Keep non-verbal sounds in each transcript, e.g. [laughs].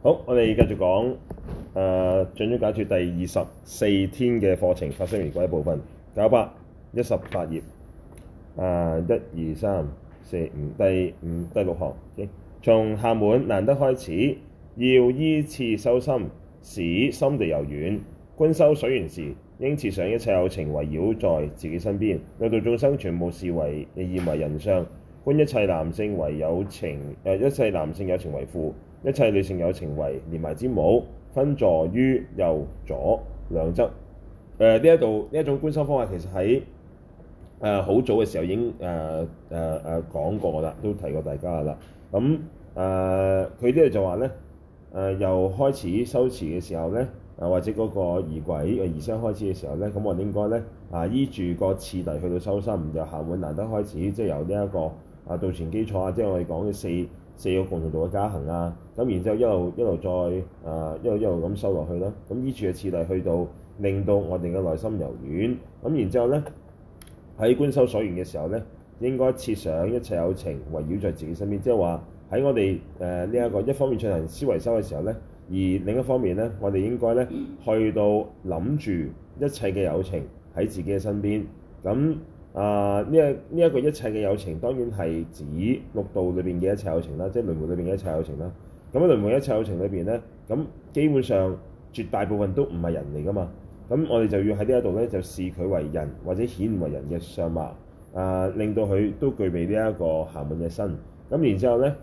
好，我哋繼續講誒、呃《掌中解脫》第二十四天嘅課程發心完過一部分，九百一十八頁啊，一二三四五，1, 2, 3, 4, 5，第五第六行，okay? 從暇滿難得開始，要依次修心，使心地柔軟。觀修所緣時，應設想一切有情圍繞在自己身邊，六道眾生全部視為現為人相，觀一切男性為有情誒、呃，一切男性有情為父。一切女性有情為連埋之母，分坐於右左兩側。誒呢一度呢一種觀修方法，其實喺誒好早嘅時候已經誒誒誒講過啦，都提過大家啦。咁誒佢呢度就話咧誒又開始修持嘅時候咧，啊或者嗰個儀軌啊儀式開始嘅時候咧，咁我應該咧啊依住個次第去到修心，就暇滿難得開始，即係由呢一個啊道前基礎啊，即係我哋講嘅四。四個共同度嘅加行啊，咁然之後一路一路再誒、呃、一路一路咁收落去啦，咁依處嘅次第去到令到我哋嘅內心柔軟，咁然之後呢，喺觀修所緣嘅時候呢，應該設想一切有情圍繞在自己身邊，即係話喺我哋誒呢一個一方面進行思維修嘅時候呢，而另一方面呢，我哋應該呢去到諗住一切嘅有情喺自己嘅身邊，咁。啊！呢一呢一個一切嘅有情，當然係指六道裏邊嘅一切有情啦，即係輪迴裏邊嘅一切有情啦。咁喺輪迴一切有情裏邊呢，咁、嗯、基本上絕大部分都唔係人嚟㗎嘛。咁、嗯、我哋就要喺呢一度呢，就視佢為人，或者顯為人嘅相貌。啊，令到佢都具備呢一個暇滿嘅身。咁、嗯、然之後呢，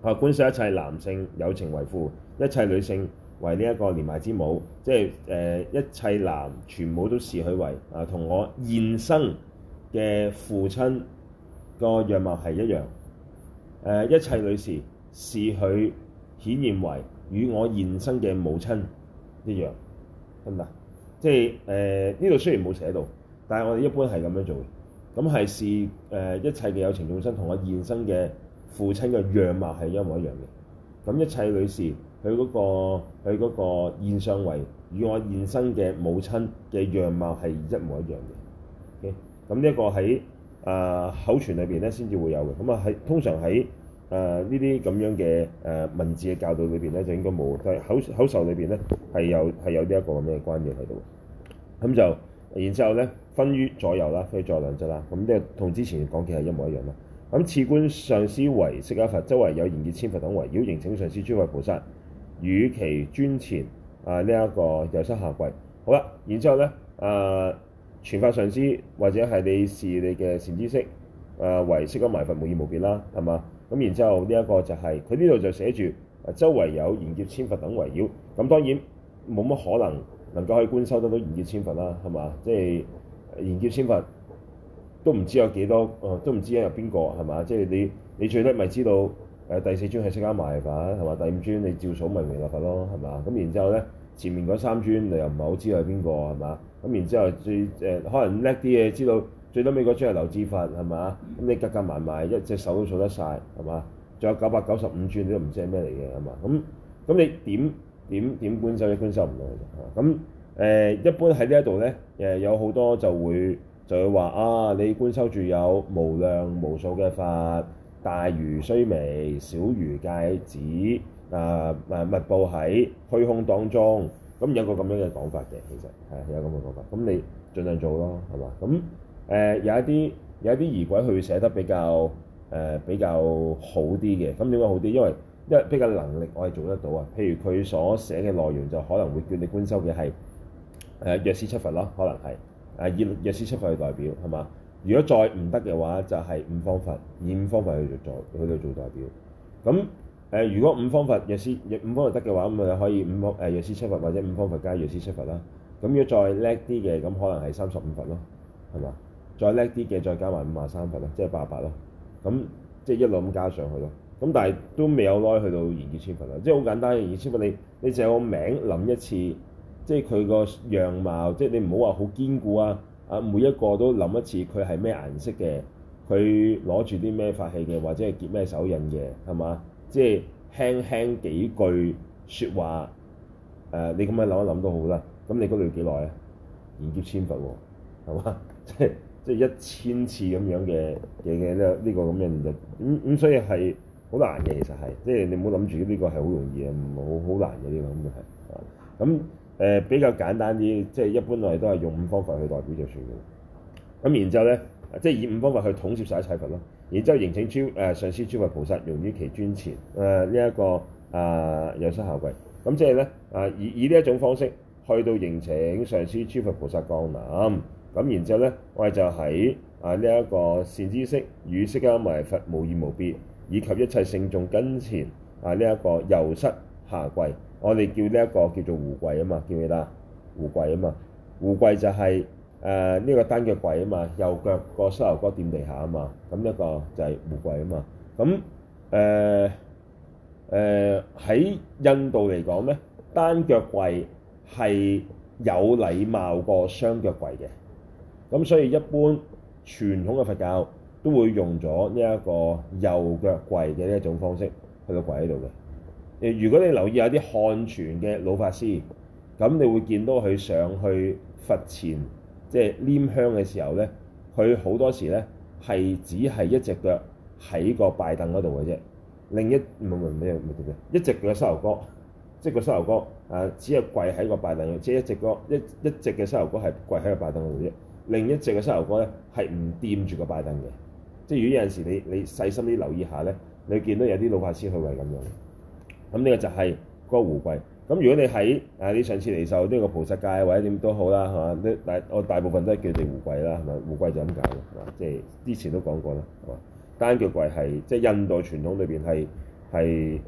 啊觀視一切男性有情為父，一切女性為呢一個連埋之母。即係誒、呃，一切男全部都視佢為啊，同我現生。嘅父親個樣貌係一樣，誒一切女士視佢顯現為與我現身嘅母親一樣，得唔得？即係誒呢度雖然冇寫到，但係我哋一般係咁樣做嘅，咁係視誒一切嘅有情眾生同我現身嘅父親嘅樣貌係一模一樣嘅，咁一切女士佢嗰、那個佢嗰個現上為與我現身嘅母親嘅樣貌係一模一樣嘅。咁呢一個喺啊、呃、口傳裏邊咧，先至會有嘅。咁啊喺通常喺誒呢啲咁樣嘅誒、呃、文字嘅教導裏邊咧，就應該冇。但口口係口口授裏邊咧係有係有呢一個咁嘅關鍵喺度。咁就然之後咧，分於左右啦，分作兩側啦。咁即係同之前講嘅係一模一樣咯。咁次觀上師為釋迦佛，周圍有賢劫千佛等圍繞，迎請上師諸位菩薩，與其尊前啊呢一個右膝下跪。好啦，然之後咧誒。呃傳法上師，或者係你視你嘅善知識，誒、啊、為釋迦佛埋佛無二無別啦，係嘛？咁然之後呢一個就係佢呢度就寫住，周圍有賢劫千佛等圍繞，咁當然冇乜可能能夠可以觀修得到賢劫千佛啦，係嘛？即係賢劫千佛都唔知有幾多，誒、呃、都唔知有邊個，係嘛？即、就、係、是、你你最叻咪知道。誒第四尊係釋迦牟尼佛，係嘛？第五尊你照數咪彌勒佛咯，係嘛？咁然之後咧，前面嗰三尊你又唔係好知係邊個，係嘛？咁然之後最誒、呃，可能叻啲嘢知道最屘尾嗰尊係樓至佛，係嘛？咁你夾夾埋埋一隻手都數得晒，係嘛？仲有九百九十五尊你都唔知係咩嚟嘅，係嘛？咁咁你點點點觀修，你觀修唔到嘅，嚇！咁誒、呃、一般喺呢一度咧，誒、呃、有好多就會就會話啊，你觀修住有無量無數嘅法。」大如須彌，小如芥子啊，密布喺虛空當中，咁有個咁樣嘅講法嘅，其實係有咁嘅講法。咁你盡量做咯，係嘛？咁誒、呃、有一啲有一啲儀軌，佢寫得比較誒、呃、比較好啲嘅。咁點解好啲？因為因為比較能力，我係做得到啊。譬如佢所寫嘅內容，就可能會叫你觀修嘅係誒藥師七佛咯，可能係誒以藥師七佛去代表，係嘛？如果再唔得嘅話，就係、是、五方佛、以五方佛去做，去到做代表。咁誒、呃，如果五方佛藥師、五方佛得嘅話，咁咪可以五方誒藥師七佛或者五方佛加藥師七佛啦。咁如果再叻啲嘅，咁可能係三十五佛咯，係嘛？再叻啲嘅，再加埋五廿三佛啦，即係八八啦。咁即係一路咁加上去咯。咁但係都未有耐去到賢劫千佛啊！即係好簡單，賢劫千佛你你淨係個名諗一次，即係佢個樣貌，即係你唔好話好堅固啊。啊，每一個都諗一次，佢係咩顏色嘅？佢攞住啲咩法器嘅？或者係結咩手印嘅？係嘛？即係輕輕幾句説話。誒、呃，你咁樣諗一諗都好啦。咁你嗰度要幾耐啊？賢劫千佛喎、哦，係嘛？即係即係一千次咁樣嘅嘅嘅呢？呢、呢個咁樣就咁咁，所以係好難嘅。其實係，即係你唔好諗住呢個係好容易嘅，唔好好難嘅呢、呢個咁嘅係啊。咁、嗯。嗯。誒，比較簡單啲，即係一般我哋都係用五方佛去代表就算嘅。咁然之後咧，即係以五方佛去統攝晒一切佛咯。然之後，迎請諸誒上師諸佛菩薩用於其尊前誒呢一個啊，右膝下跪。咁即係咧啊，以以呢一種方式去到迎請上師諸佛菩薩降臨。咁然之後咧，我哋就喺啊呢一個善知識與釋迦牟尼佛無二無別，以及一切聖眾跟前啊呢一個右膝下跪。我哋叫呢一個叫做胡跪啊嘛，叫佢啦胡跪啊嘛，胡跪就係誒呢個單腳跪啊嘛，右腳個膝頭哥墊地下啊嘛，咁呢個就係胡跪啊嘛，咁誒誒喺印度嚟講咧，單腳跪係有禮貌過雙腳跪嘅，咁所以一般傳統嘅佛教都會用咗呢一個右腳跪嘅呢一種方式去到跪喺度嘅。誒，如果你留意有啲漢傳嘅老法師，咁你會見到佢上去佛前即係拈香嘅時候咧，佢好多時咧係只係一隻腳喺個拜凳嗰度嘅啫。另一唔唔咩唔唔，一隻腳膝頭哥，即係個膝頭哥啊，只係跪喺個拜凳，即係一隻腳一一隻嘅膝頭哥係跪喺個拜凳嗰度啫。另一隻嘅膝頭哥咧係唔掂住個拜凳嘅。即係如果有陣時你你細心啲留意下咧，你見到有啲老法師佢會係咁樣。咁呢個就係嗰個互跪。咁如果你喺啊，你上次嚟受呢個菩薩戒或者點都好啦，係嘛？啲大我大部分都係叫你哋互跪啦，係、呃呃、嘛？互跪就咁解嘅，係嘛？即係之前都講過啦，係嘛？單腳跪係即係印度傳統裏邊係係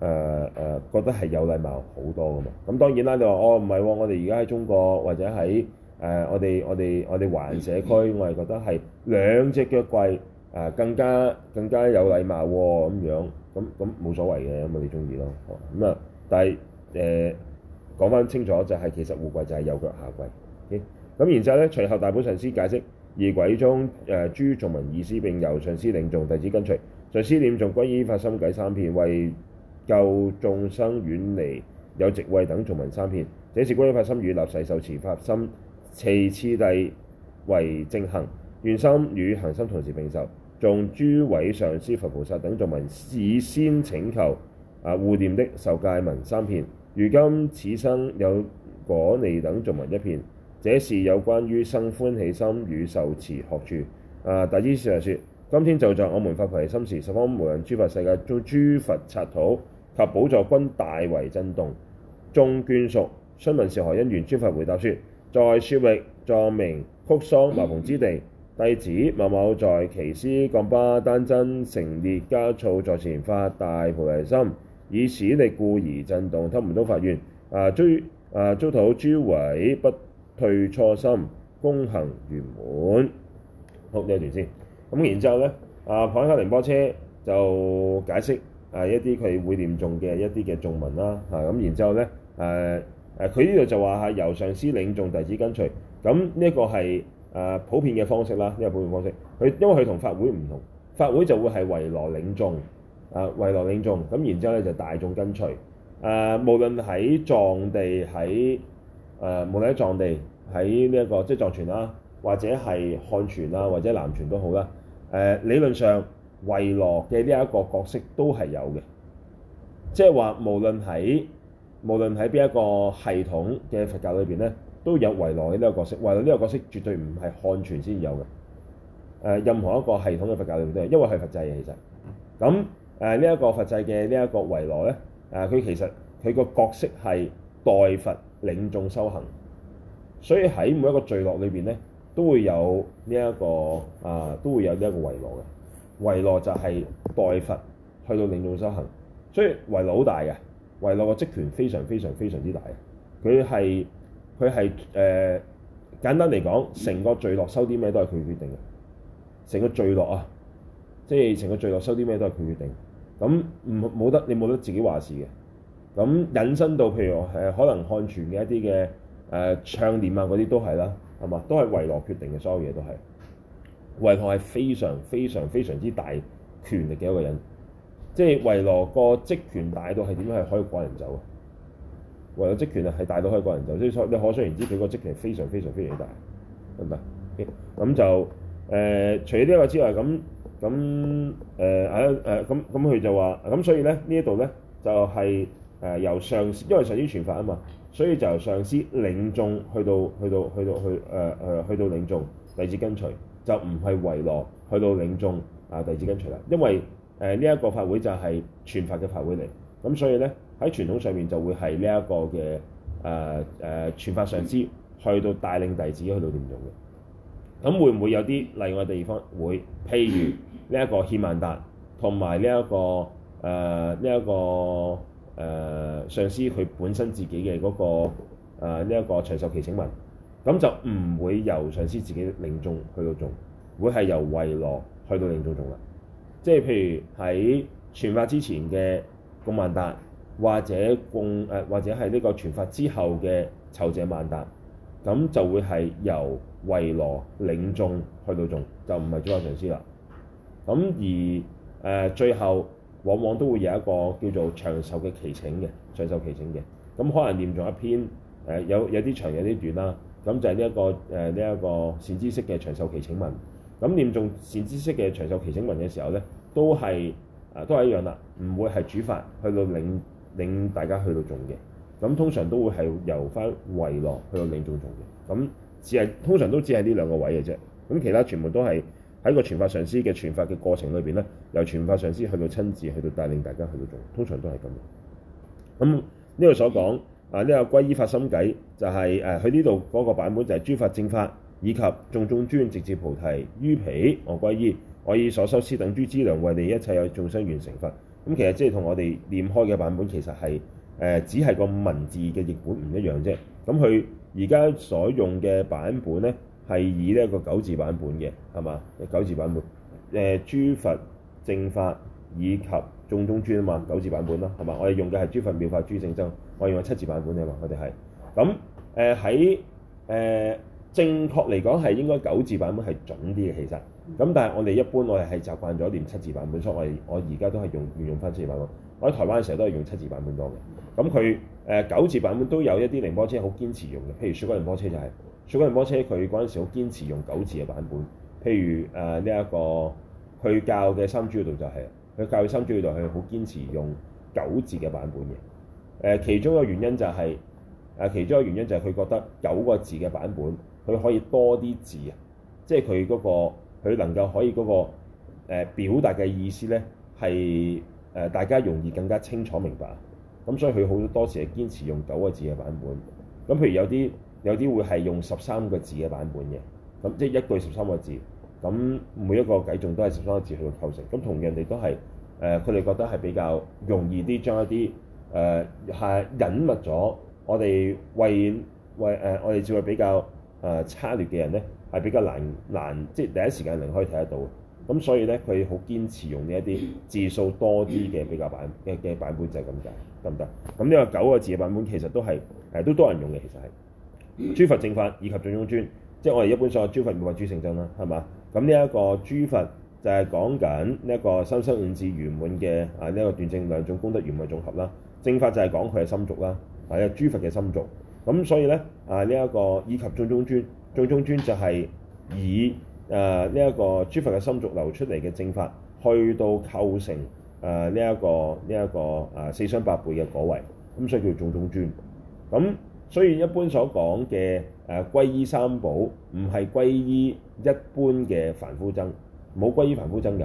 誒誒覺得係有禮貌好多嘅嘛。咁當然啦，你話哦唔係喎，我哋而家喺中國或者喺誒我哋我哋我哋華人社區，我哋覺得係兩隻腳跪啊更加更加有禮貌喎咁樣。咁咁冇所謂嘅，咁你中意咯。咁、嗯、啊，但係誒、呃、講翻清楚就係、是、其實儀軌就係右腳下跪。咁然之後咧，隨後大寶上師解釋儀軌中誒、呃、諸頌文意思，並由上師領誦，弟子跟隨。上師念誦皈依發心偈三遍，為救眾生遠離有寂畏等頌文三遍。這是皈依發心與立誓受持發心。其次第為正行願心與行心同時並受。眾諸位上師佛菩薩等頌文事先請求啊護念的受戒文三遍。如今此生有果利等頌文一遍，這是有關於生歡喜心與受持學處啊大師説：説今天就在我們發菩提心時，十方無量諸佛世界中諸佛剎土及寶座均大為震動，眾眷屬詢問是何因緣，諸佛回答説：在雪域藏名曲桑茅篷之地。弟子某某在其師降巴丹真成列加措在前發大菩提心，以此力故而震動，他唔到法院。啊，追啊，追討諸位不退初心，功行圓滿。好，呢一段先。咁然之後咧，啊，帕卡寧波車就解釋啊，一啲佢會念眾嘅一啲嘅眾文啦。嚇、啊，咁然之後咧，誒誒，佢呢度就話係由上司領眾弟子跟隨。咁呢一個係。誒普遍嘅方式啦，因為普遍方式，佢因為佢同法會唔同，法會就會係為羅領眾，誒為羅領眾，咁然之後咧就大眾跟隨。誒無論喺藏地喺誒無論喺藏地喺呢一個即係藏傳啦，或者係漢傳啦，或者南傳都好啦。誒理論上為羅嘅呢一個角色都係有嘅，即係話無論喺無論喺邊一個系統嘅佛教裏邊咧。都有維羅呢個角色，維羅呢個角色絕對唔係漢傳先有嘅。誒、呃，任何一個系統嘅佛教裏邊都有，因為係佛制嘅。其實咁誒，呢一、呃這個佛制嘅呢一個維羅咧，誒、呃、佢其實佢個角色係代佛領眾修行，所以喺每一個聚落裏邊咧都會有呢一個啊，都會有呢、這、一、個呃、個維羅嘅維羅就係代佛去到領眾修行，所以維羅好大嘅維羅個職權非常非常非常之大，佢係。佢係誒簡單嚟講，成個聚落收啲咩都係佢決定嘅。成個聚落啊，即係成個聚落收啲咩都係佢決定。咁唔冇得，你冇得自己話事嘅。咁引申到，譬如誒可能漢傳嘅一啲嘅誒唱唸啊嗰啲都係啦，係嘛？都係維羅決定嘅，所有嘢都係。維羅係非常非常非常之大權力嘅一個人，即係維羅個職權大到係點樣係可以趕人走嘅。唯有職權啊，係大到開個人就即係所你可想而知，佢個職權非常非常非常大，明白？咁就誒、呃，除咗呢個之外，咁咁誒誒誒，咁咁佢就話，咁、啊、所以咧呢一度咧就係、是、誒、呃、由上師，因為上師傳法啊嘛，所以就由上師領眾去到去到去到去誒誒去到領眾，弟子跟隨，就唔係維那去到領眾啊，弟子跟隨啦，因為誒呢一個法會就係傳法嘅法會嚟，咁所以咧。喺傳統上面就會係呢一個嘅誒誒傳法上師去到帶領弟子去到念誦嘅，咁會唔會有啲例外地方會？譬如呢一個獻曼達同埋呢一個誒呢一個誒、呃、上師佢本身自己嘅嗰，那個呢一，呃這個長壽祈請文咁就唔會由上師自己領誦去到誦誦，會係由慧羅去到領誦誦啦。即係譬如喺傳法之前嘅供曼達。或者共誒，或者係呢個傳法之後嘅囚者萬達，咁就會係由慧羅領眾去到眾，就唔係主法上師啦。咁而誒、呃、最後往往都會有一個叫做長壽嘅祈請嘅長壽祈請嘅，咁可能念誦一篇誒有有啲長有啲短啦，咁就係呢一個誒呢一個善知識嘅長壽祈請文。咁念誦善知識嘅長壽祈請文嘅時候咧，都係誒都係一樣啦，唔會係主法去到領。領大家去到誦嘅，咁通常都會係由翻為落去到領眾誦嘅，咁只係通常都只係呢兩個位嘅啫，咁其他全部都係喺個傳法上師嘅傳法嘅過程裏邊咧，由傳法上師去到親自去到帶領大家去到誦，通常都係咁。咁呢度所講啊呢個歸依發心偈就係、是、誒，喺呢度嗰個版本就係諸法正法以及眾眾專，直至菩提於彼我歸依，我以所修施等諸資糧，為利一切有眾生完成法。咁其實即係同我哋念開嘅版本其實係誒、呃、只係個文字嘅譯本唔一樣啫。咁佢而家所用嘅版本咧係以呢一個九字版本嘅係嘛？九字版本誒、呃，諸佛正法以及眾中尊啊嘛，九字版本啦，係嘛？我哋用嘅係諸佛妙法諸正真諸聖僧，我用咗七字版本啊嘛，我哋係咁，誒喺誒正確嚟講係應該九字版本係準啲嘅，其實。咁但係我哋一般我哋係習慣咗念七字版本書，所以我係我而家都係用沿用翻七字版本。我喺台灣嘅時候都係用七字版本多嘅。咁佢誒九字版本都有一啲仁波切好堅持用嘅，譬如雪歌仁波切就係、是、雪歌仁波切，佢嗰陣時好堅持用九字嘅版本。譬如誒呢一個去教嘅三主要道就係、是、佢教嘅三主要道，佢好堅持用九字嘅版本嘅。誒、呃、其中一個原因就係、是、誒、呃、其中一個原因就係佢覺得九個字嘅版本佢可以多啲字啊，即係佢嗰個。佢能夠可以嗰個表達嘅意思咧，係誒大家容易更加清楚明白。咁所以佢好多時係堅持用九個字嘅版本。咁譬如有啲有啲會係用十三個字嘅版本嘅。咁即係一句十三個字。咁每一個偈頌都係十三個字去到構成。咁同樣地都係誒，佢、呃、哋覺得係比較容易啲，將一啲誒係隱密咗、呃。我哋為為誒，我哋智慧比較誒、呃、差劣嘅人咧。係比較難難，即係第一時間能可以睇得到。咁所以咧，佢好堅持用呢一啲字數多啲嘅比較版嘅嘅版本就係咁解得唔得？咁呢個九個字嘅版本其實都係誒都多人用嘅，其實係。諸佛正法以及眾中尊，即係我哋一般所講諸佛如來諸聖尊啦，係嘛？咁呢一個諸佛就係講緊呢一個三身五智圓滿嘅啊呢一、這個斷證兩種功德圓滿嘅總合啦。正法就係講佢係心續啦，係、啊這個、諸佛嘅心續。咁所以咧啊呢一、這個以及眾中尊。眾中尊就係以誒呢一個諸佛嘅心續流出嚟嘅正法，去到構成誒呢一個呢一、這個啊、呃、四相八背嘅果位，咁、嗯、所以叫眾中尊。咁所以一般所講嘅誒皈依三寶，唔係皈依一般嘅凡夫僧，冇皈依凡夫僧嘅，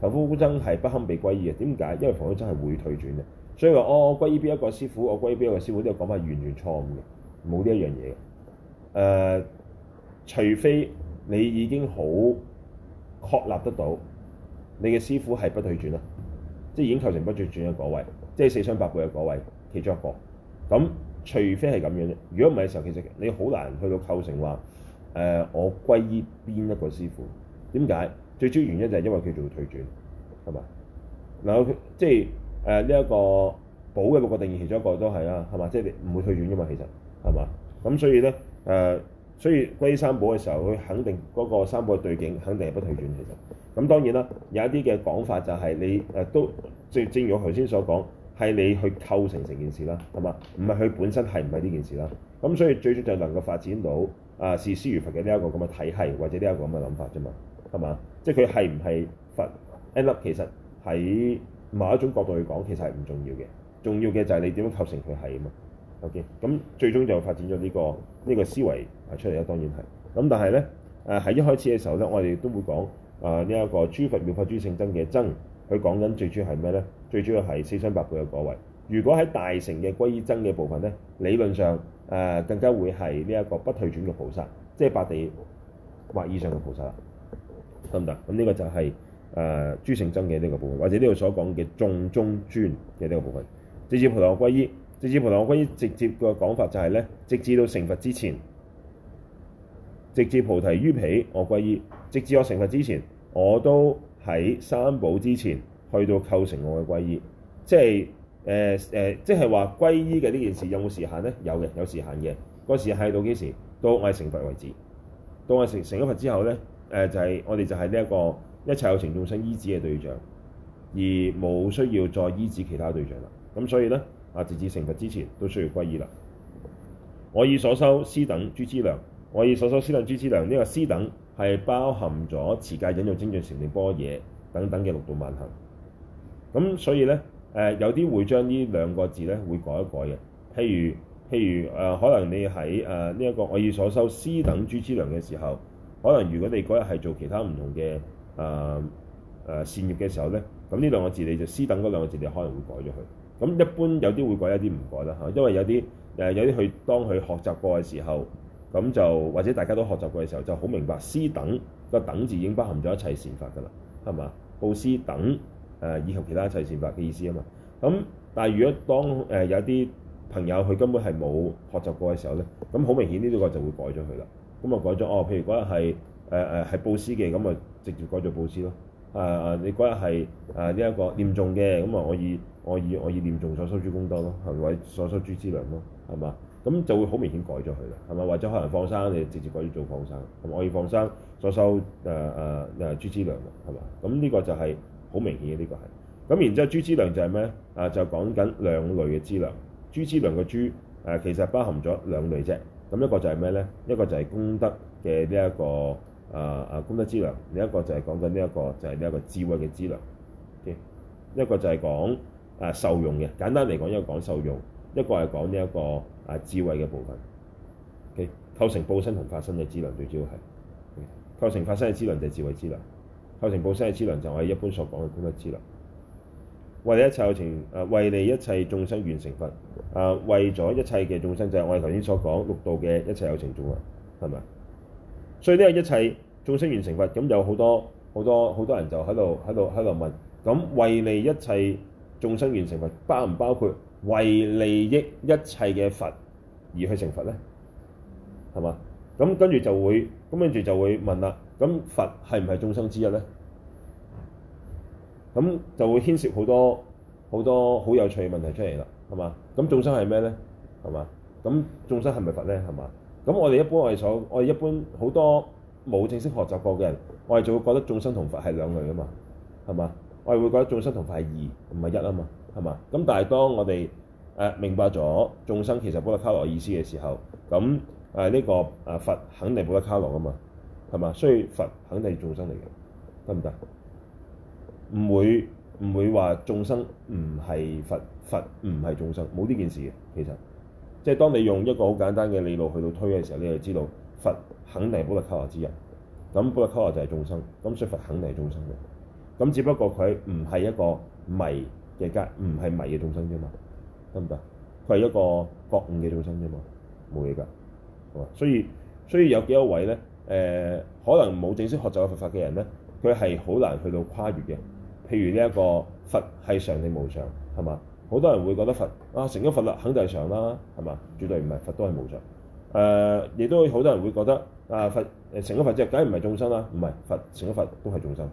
凡夫夫僧係不堪被皈依嘅。點解？因為凡夫僧係會退轉嘅，所以話哦皈依邊一個師傅，我皈依邊一個師傅，呢個講法完全錯誤嘅，冇呢一樣嘢嘅誒。呃除非你已經好確立得到你嘅師傅係不退轉啦，即係已經構成不退轉嘅嗰位，即係四雙八輩嘅嗰位，其中一個。咁除非係咁樣啫，如果唔係嘅時候，其實你好難去到構成話誒、呃、我歸依邊一個師傅？點解？最主要原因就係因為佢仲要退轉，係嘛？嗱，即係誒呢一個寶嘅一個定義，其中一個都係啦、啊，係嘛？即係你唔會退轉嘅嘛，其實係嘛？咁所以咧誒。呃所以歸三寶嘅時候，佢肯定嗰、那個三寶嘅對境，肯定係不退轉其實。咁當然啦，有一啲嘅講法就係你誒、呃、都正正如我頭先所講，係你去構成成件事啦，係嘛？唔係佢本身係唔係呢件事啦。咁所以最終就能夠發展到啊視師如佛嘅呢一個咁嘅體系，或者呢一個咁嘅諗法啫嘛，係嘛？即係佢係唔係佛？end up 其實喺某一種角度去講，其實係唔重要嘅。重要嘅就係你點樣構成佢係啊嘛。OK，咁最終就發展咗呢、這個呢、這個思維啊出嚟啦，當然係。咁但係咧，誒喺一開始嘅時候咧，我哋都會講誒呢一個諸佛妙法諸聖僧」嘅僧。佢講緊最主要係咩咧？最主要係四生八輩嘅果位。如果喺大乘嘅歸依僧」嘅部分咧，理論上誒、呃、更加會係呢一個不退轉嘅菩薩，即係八地或以上嘅菩薩啦，得唔得？咁、嗯、呢、這個就係誒諸聖僧」嘅呢個部分，或者呢度所講嘅眾中尊嘅呢個部分，直至菩提歸依。直至菩提，我歸依直接嘅講法就係、是、咧，直至到成佛之前，直至菩提於彼我歸依。直至我成佛之前，我都喺三寶之前去到構成我嘅歸依，即係誒誒，即係話歸依嘅呢件事有冇時限咧？有嘅，有時限嘅。嗰時係到幾時？到我係成佛為止。到我成成咗佛之後咧，誒、呃、就係、是、我哋就係呢一個一切有情眾生依止嘅對象，而冇需要再依止其他對象啦。咁所以咧。啊！直至成佛之前都需要歸依啦。我以所修施等諸資糧，我以所修施等諸資糧，呢個施等係包含咗持戒、忍辱、精進、禪定、般若等等嘅六度萬行。咁所以咧，誒、呃、有啲會將呢兩個字咧會改一改嘅，譬如譬如誒、呃、可能你喺誒呢一個我以所修施等諸資糧嘅時候，可能如果你嗰日係做其他唔同嘅誒誒善業嘅時候咧。咁呢兩個字你就施等嗰兩個字，你可能會改咗佢。咁一般有啲會改，有啲唔改啦嚇。因為有啲誒有啲佢當佢學習過嘅時候，咁就或者大家都學習過嘅時候，就好明白施等個等字已經包含咗一切善法噶啦，係嘛？布施等誒，以及其他一切善法嘅意思啊嘛。咁但係如果當誒有啲朋友佢根本係冇學習過嘅時候咧，咁好明顯呢個就會改咗佢啦。咁啊改咗哦，譬如嗰日係誒誒係布施嘅，咁啊直接改咗布施咯。誒、呃、你嗰日係誒呢一個念誦嘅，咁啊可以可以可以念誦所收諸功德咯，係咪？所收諸資糧咯，係嘛？咁就會好明顯改咗佢啦，係咪？或者可能放生，你直接改咗做放生，同我以放生所收誒誒誒諸資糧，係、呃、嘛？咁、呃、呢個就係好明顯嘅，呢、這個係。咁然之後諸資糧就係咩？啊、呃、就講緊兩類嘅資糧，諸資糧嘅諸誒其實包含咗兩類啫。咁一個就係咩咧？一個就係功德嘅呢一個。誒誒、uh, 功德之糧，另一個就係講緊呢、這個就是 okay? 一個就係呢一個智慧嘅資糧。一個就係講誒受用嘅，簡單嚟講，一個講受用，一個係講呢、這、一個誒、啊、智慧嘅部分。O、okay? 構成報身同化身嘅資糧，最主要係、okay? 構成化身嘅資糧，就係智慧資糧。構成報身嘅資糧，就係我哋一般所講嘅功德資糧。為你一切有情誒、啊，為你一切眾生完成佛誒、啊，為咗一切嘅眾生就係、是、我哋頭先所講六道嘅一切有情眾生，係咪？所以呢個一切眾生完成佛，咁有好多好多好多人就喺度喺度喺度問，咁為利一切眾生完成佛，包唔包括為利益一切嘅佛而去成佛咧？係嘛？咁跟住就會，咁跟住就會問啦。咁佛係唔係眾生之一咧？咁就會牽涉好多好多好有趣嘅問題出嚟啦。係嘛？咁眾生係咩咧？係嘛？咁眾生係咪佛咧？係嘛？咁我哋，一般我哋所我哋一般好多冇正式學習過嘅人，我哋就會覺得眾生同佛係兩類啊嘛，係嘛？我哋會覺得眾生同佛係二唔係一啊嘛，係嘛？咁但係當我哋誒明白咗眾生其實冇得卡羅嘅意思嘅時候，咁誒呢個誒佛肯定冇得卡羅啊嘛，係嘛？所以佛肯定係眾生嚟嘅，得唔得？唔會唔會話眾生唔係佛，佛唔係眾生，冇呢件事嘅其實。即係當你用一個好簡單嘅理路去到推嘅時候，你就知道佛肯定係補特伽羅之人，咁補特伽羅就係眾生，咁所以佛肯定係眾生嘅，咁只不過佢唔係一個迷嘅家，唔係迷嘅眾生啫嘛，得唔得？佢係一個覺悟嘅眾生啫嘛，冇嘢㗎，係所以所以有幾多位咧，誒、呃、可能冇正式學習過佛法嘅人咧，佢係好難去到跨越嘅，譬如呢一個佛係常定無常，係嘛？好多人會覺得佛啊，成咗佛啦，肯定係常啦，係嘛？絕對唔係，佛都係無常。誒、呃，亦都好多人會覺得啊，佛成咗佛之後，梗係唔係眾生啦？唔係，佛成咗佛都係眾生，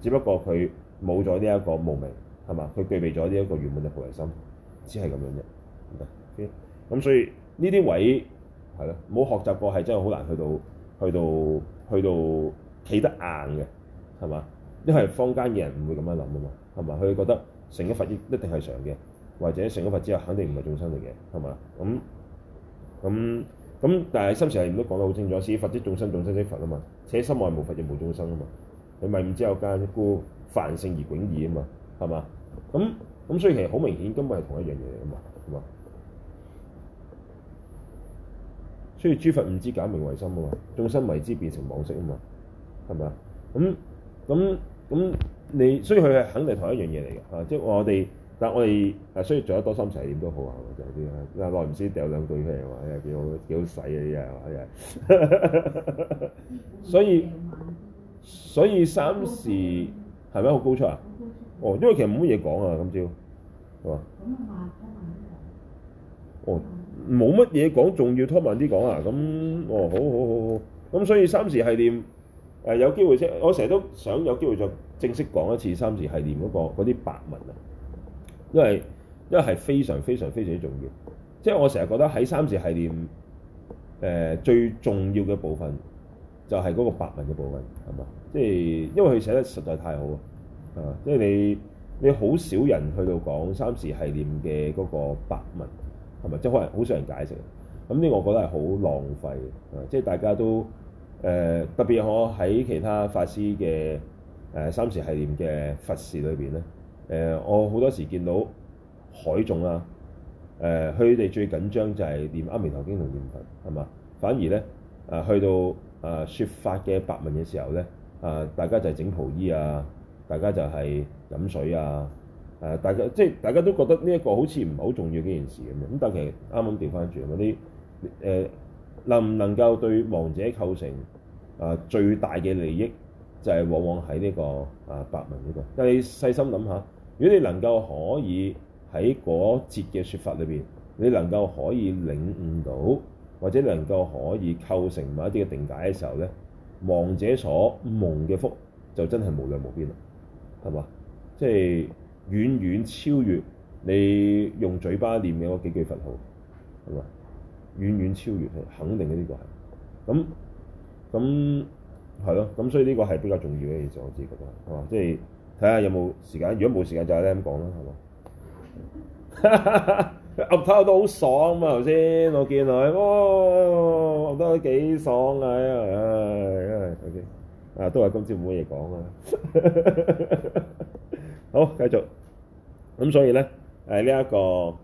只不過佢冇咗呢一個無明，係嘛？佢具備咗呢一個圓滿嘅菩提心，只係咁樣啫。O K，咁所以呢啲位係咯，冇學習過係真係好難去到去到去到企得硬嘅，係嘛？因為坊間嘅人唔會咁樣諗啊嘛，係嘛？佢會覺得。成咗佛亦一定係常嘅，或者成咗佛之後肯定唔係眾生嚟嘅，係嘛？咁咁咁，但係心誠係唔都講得好清楚，是佛即眾生，眾生即佛啊嘛！且心外無佛，亦無眾生啊嘛！你咪唔知有間孤凡聖而迥異啊嘛，係嘛？咁、嗯、咁、嗯，所以其實好明顯，根本係同一樣嘢嚟啊嘛，係嘛？所以諸佛唔知假名為心啊嘛，眾生迷之變成妄識啊嘛，係咪啊？咁咁咁。嗯嗯嗯嗯你所以佢係肯定同一樣嘢嚟嘅，啊，即、就、係、是、我哋，但係我哋誒需要做得多三時點都好啊，就啲啊，耐唔先掉兩句咩話，誒幾好幾好使啊！依家係嘛，所以所以三時係咪好高出啊？哦，因為其實冇乜嘢講啊，今朝係嘛？哦，冇乜嘢講，仲要拖慢啲講啊？咁哦，好好好好，咁所以三時係點？誒、啊、有機會先，我成日都想有機會做。正式講一次三字系列嗰、那個嗰啲白文啊，因為因為係非常非常非常之重要，即係我成日覺得喺三字系列誒、呃、最重要嘅部分就係、是、嗰個白文嘅部分係嘛？即係因為佢寫得實在太好啊，啊！即係你你好少人去到講三字系列嘅嗰個白文係咪？即係可能好少人解釋，咁呢？我覺得係好浪費啊！即係大家都誒、呃、特別我喺其他法師嘅。誒三時繫念嘅佛事裏邊咧，誒、呃、我好多時見到海眾啊，誒佢哋最緊張就係念阿彌陀經同念佛係嘛，反而咧誒、呃、去到誒説、呃、法嘅白文嘅時候咧，啊、呃、大家就係整蒲衣啊，大家就係飲水啊，誒、呃、大家即係大家都覺得呢一個好似唔係好重要嘅一件事咁樣，咁但係其實啱啱調翻轉嗰啲誒能唔能夠對亡者構成誒、呃、最大嘅利益？就係往往喺呢個啊白文呢個，但你細心諗下，如果你能夠可以喺嗰節嘅説法裏邊，你能夠可以領悟到，或者能夠可以構成某一啲嘅定解嘅時候咧，亡者所蒙嘅福就真係無量無邊啦，係嘛？即係遠遠超越你用嘴巴念嘅嗰幾句佛號，係嘛？遠遠超越係肯定嘅呢個係，咁咁。係咯，咁所以呢個係比較重要嘅，其實我自己覺得，係嘛？即係睇下有冇時間，如果冇時間就係咁講啦，係嘛？牛、 [laughs] 哦、都好爽嘛頭先我見我哇，覺得幾爽啊！哎哎、okay，啊，真啊都係今朝冇嘢講啊， [laughs] 好繼續。咁所以咧，誒呢一個誒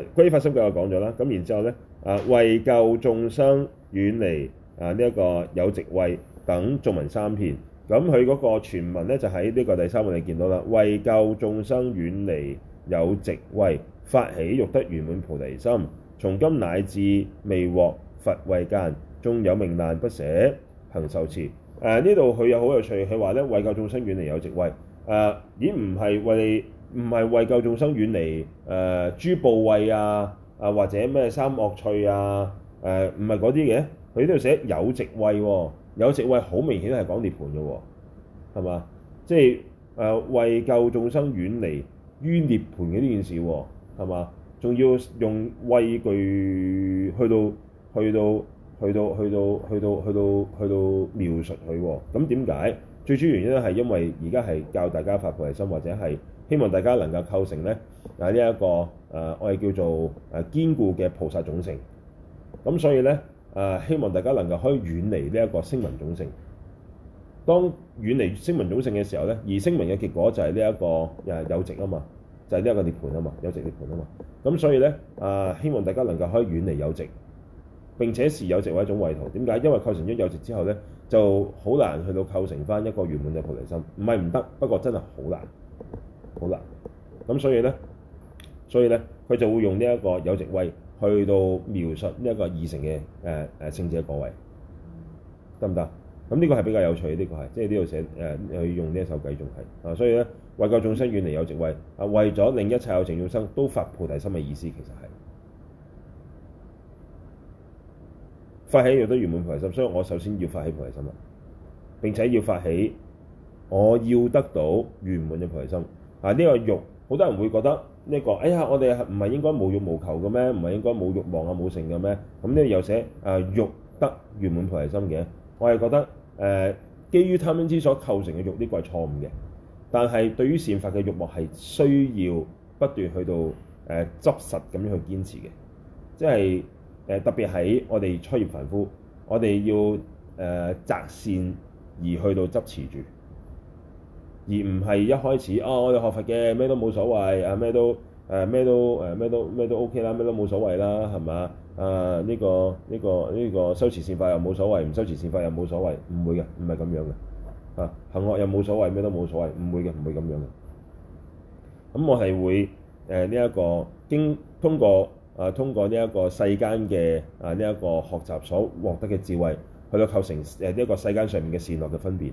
誒皈依發心偈我講咗啦，咁然之後咧，啊為救眾生遠離。啊！呢、這、一個有寂畏等頌文三遍，咁佢嗰個傳聞咧就喺呢個第三問你見到啦。為救眾生遠離有寂畏，發起欲得圓滿菩提心，從今乃至未獲佛慧間，縱有命難不捨行受持。誒呢度佢有好有趣，佢話咧為救眾生遠離有寂畏，誒已唔係為唔係為救眾生遠離誒諸怖畏啊，誒、啊、或者咩三惡趣啊，誒唔係嗰啲嘅。佢呢度寫有寂畏、哦，有寂畏好明顯係講涅盤嘅喎、哦，係嘛？即係誒、呃、為救眾生遠離於涅盤嘅呢件事喎、哦，係嘛？仲要用畏懼去到去到去到去到去到去到，去到，去，到，去，到去到描述佢，咁點解？最主要原因咧係因為而家係教大家發菩提心，或者係希望大家能夠構成咧啊呢一個誒、呃、我哋叫做誒堅固嘅菩薩總成，咁所以咧。誒、啊、希望大家能夠可以遠離呢一個聲聞種性。當遠離聲聞種性嘅時候咧，而聲聞嘅結果就係呢一個又有寂啊嘛，就係呢一個涅盤啊嘛，有寂涅盤啊嘛。咁所以咧，誒、啊、希望大家能夠可以遠離有寂，並且視有寂為一種畏途。點解？因為構成咗有寂之後咧，就好難去到構成翻一個圓滿嘅菩提心。唔係唔得，不過真係好難，好難。咁所以咧，所以咧，佢就會用呢一個有寂畏。去到描述一個已成嘅誒誒聖者個位，得唔得？咁、這、呢個係比較有趣呢、這個係即係呢度寫誒，要、呃、用呢首偈仲係啊，所以咧為救眾生遠離有寂畏，啊，為咗令一切有情眾生都發菩提心嘅意思，其實係發起欲得圓滿菩提心，所以我首先要發起菩提心啦，並且要發起我要得到圓滿嘅菩提心啊！呢、這個欲好多人都會覺得。呢、這個，哎呀，我哋唔係應該無欲無求嘅咩？唔係應該冇欲望啊、冇成嘅咩？咁、這、呢個又寫啊，欲得圓滿菩提心嘅，我係覺得誒、呃，基於貪瞋痴之所構成嘅欲呢、這個係錯誤嘅。但係對於善法嘅欲望係需要不斷去到誒執、呃、實咁樣去堅持嘅，即係誒、呃、特別喺我哋初業凡夫，我哋要誒擇、呃、善而去到執持住。而唔係一開始，哦，我哋學佛嘅咩都冇所謂，啊咩都誒咩、啊、都誒咩、啊、都咩都 OK 啦，咩都冇所謂啦，係咪？啊呢個呢個呢個修持善法又冇所謂，唔、啊呢個呢個呢個、修持善法又冇所謂，唔會嘅，唔係咁樣嘅。啊，行惡又冇所謂，咩都冇所謂，唔會嘅，唔會咁樣嘅。咁、啊、我係會誒呢一個經通過啊通過呢一個世間嘅啊呢一、呢個學習所獲得嘅智慧，去到構成誒呢一個世間上面嘅善惡嘅分辨。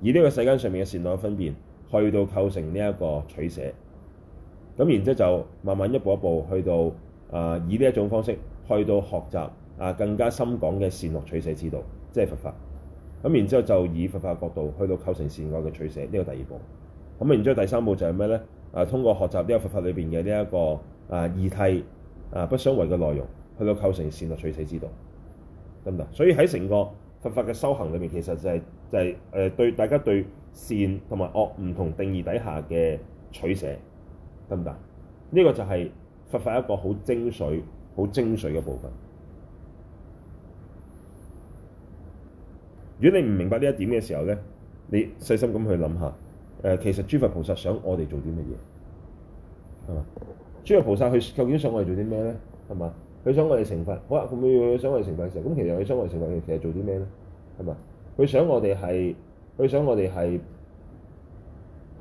以呢個世間上面嘅善惡分辨，去到構成呢一個取捨，咁然之後就慢慢一步一步去到啊、呃，以呢一種方式去到學習啊更加深廣嘅善惡取捨之道，即係佛法。咁然之後就以佛法角度去到構成善惡嘅取捨，呢，這個第二步。咁然之後第三步就係咩咧？啊，通過學習呢個佛法裏邊嘅呢一個啊二諦啊不相違嘅內容，去到構成善惡取捨之道，得唔得？所以喺成個佛法嘅修行裏面，其實就係就係誒對大家對善同埋惡唔同定義底下嘅取捨，得唔得？呢個就係佛法一個好精髓、好精髓嘅部分。如果你唔明白呢一點嘅時候咧，你細心咁去諗下，誒其實諸佛菩薩想我哋做啲乜嘢，係嘛？諸佛菩薩佢究竟想我哋做啲咩咧？係嘛？佢想我哋成佛，好啊！佢咪佢想我哋成佛時，咁其實佢想我哋成佛，其實做啲咩咧？係咪？佢想我哋係，佢想我哋係，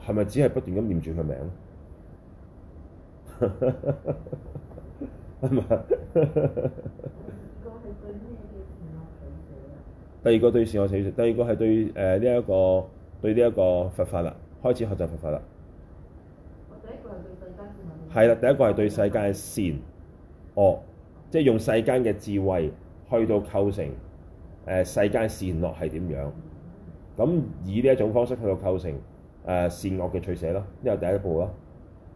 係咪只係不斷咁念住佢名咧？係 [laughs] 咪是吧？ [laughs] 第二個對善我死，第、呃、二、這個係對誒呢一個對呢一個佛法啦，開始學習佛法啦。第一個係對世界善惡。善、哦、惡。即係用世間嘅智慧去到構成誒、呃、世間善惡係點樣？咁以呢一種方式去到構成誒、呃、善惡嘅取捨咯，呢個第一步咯。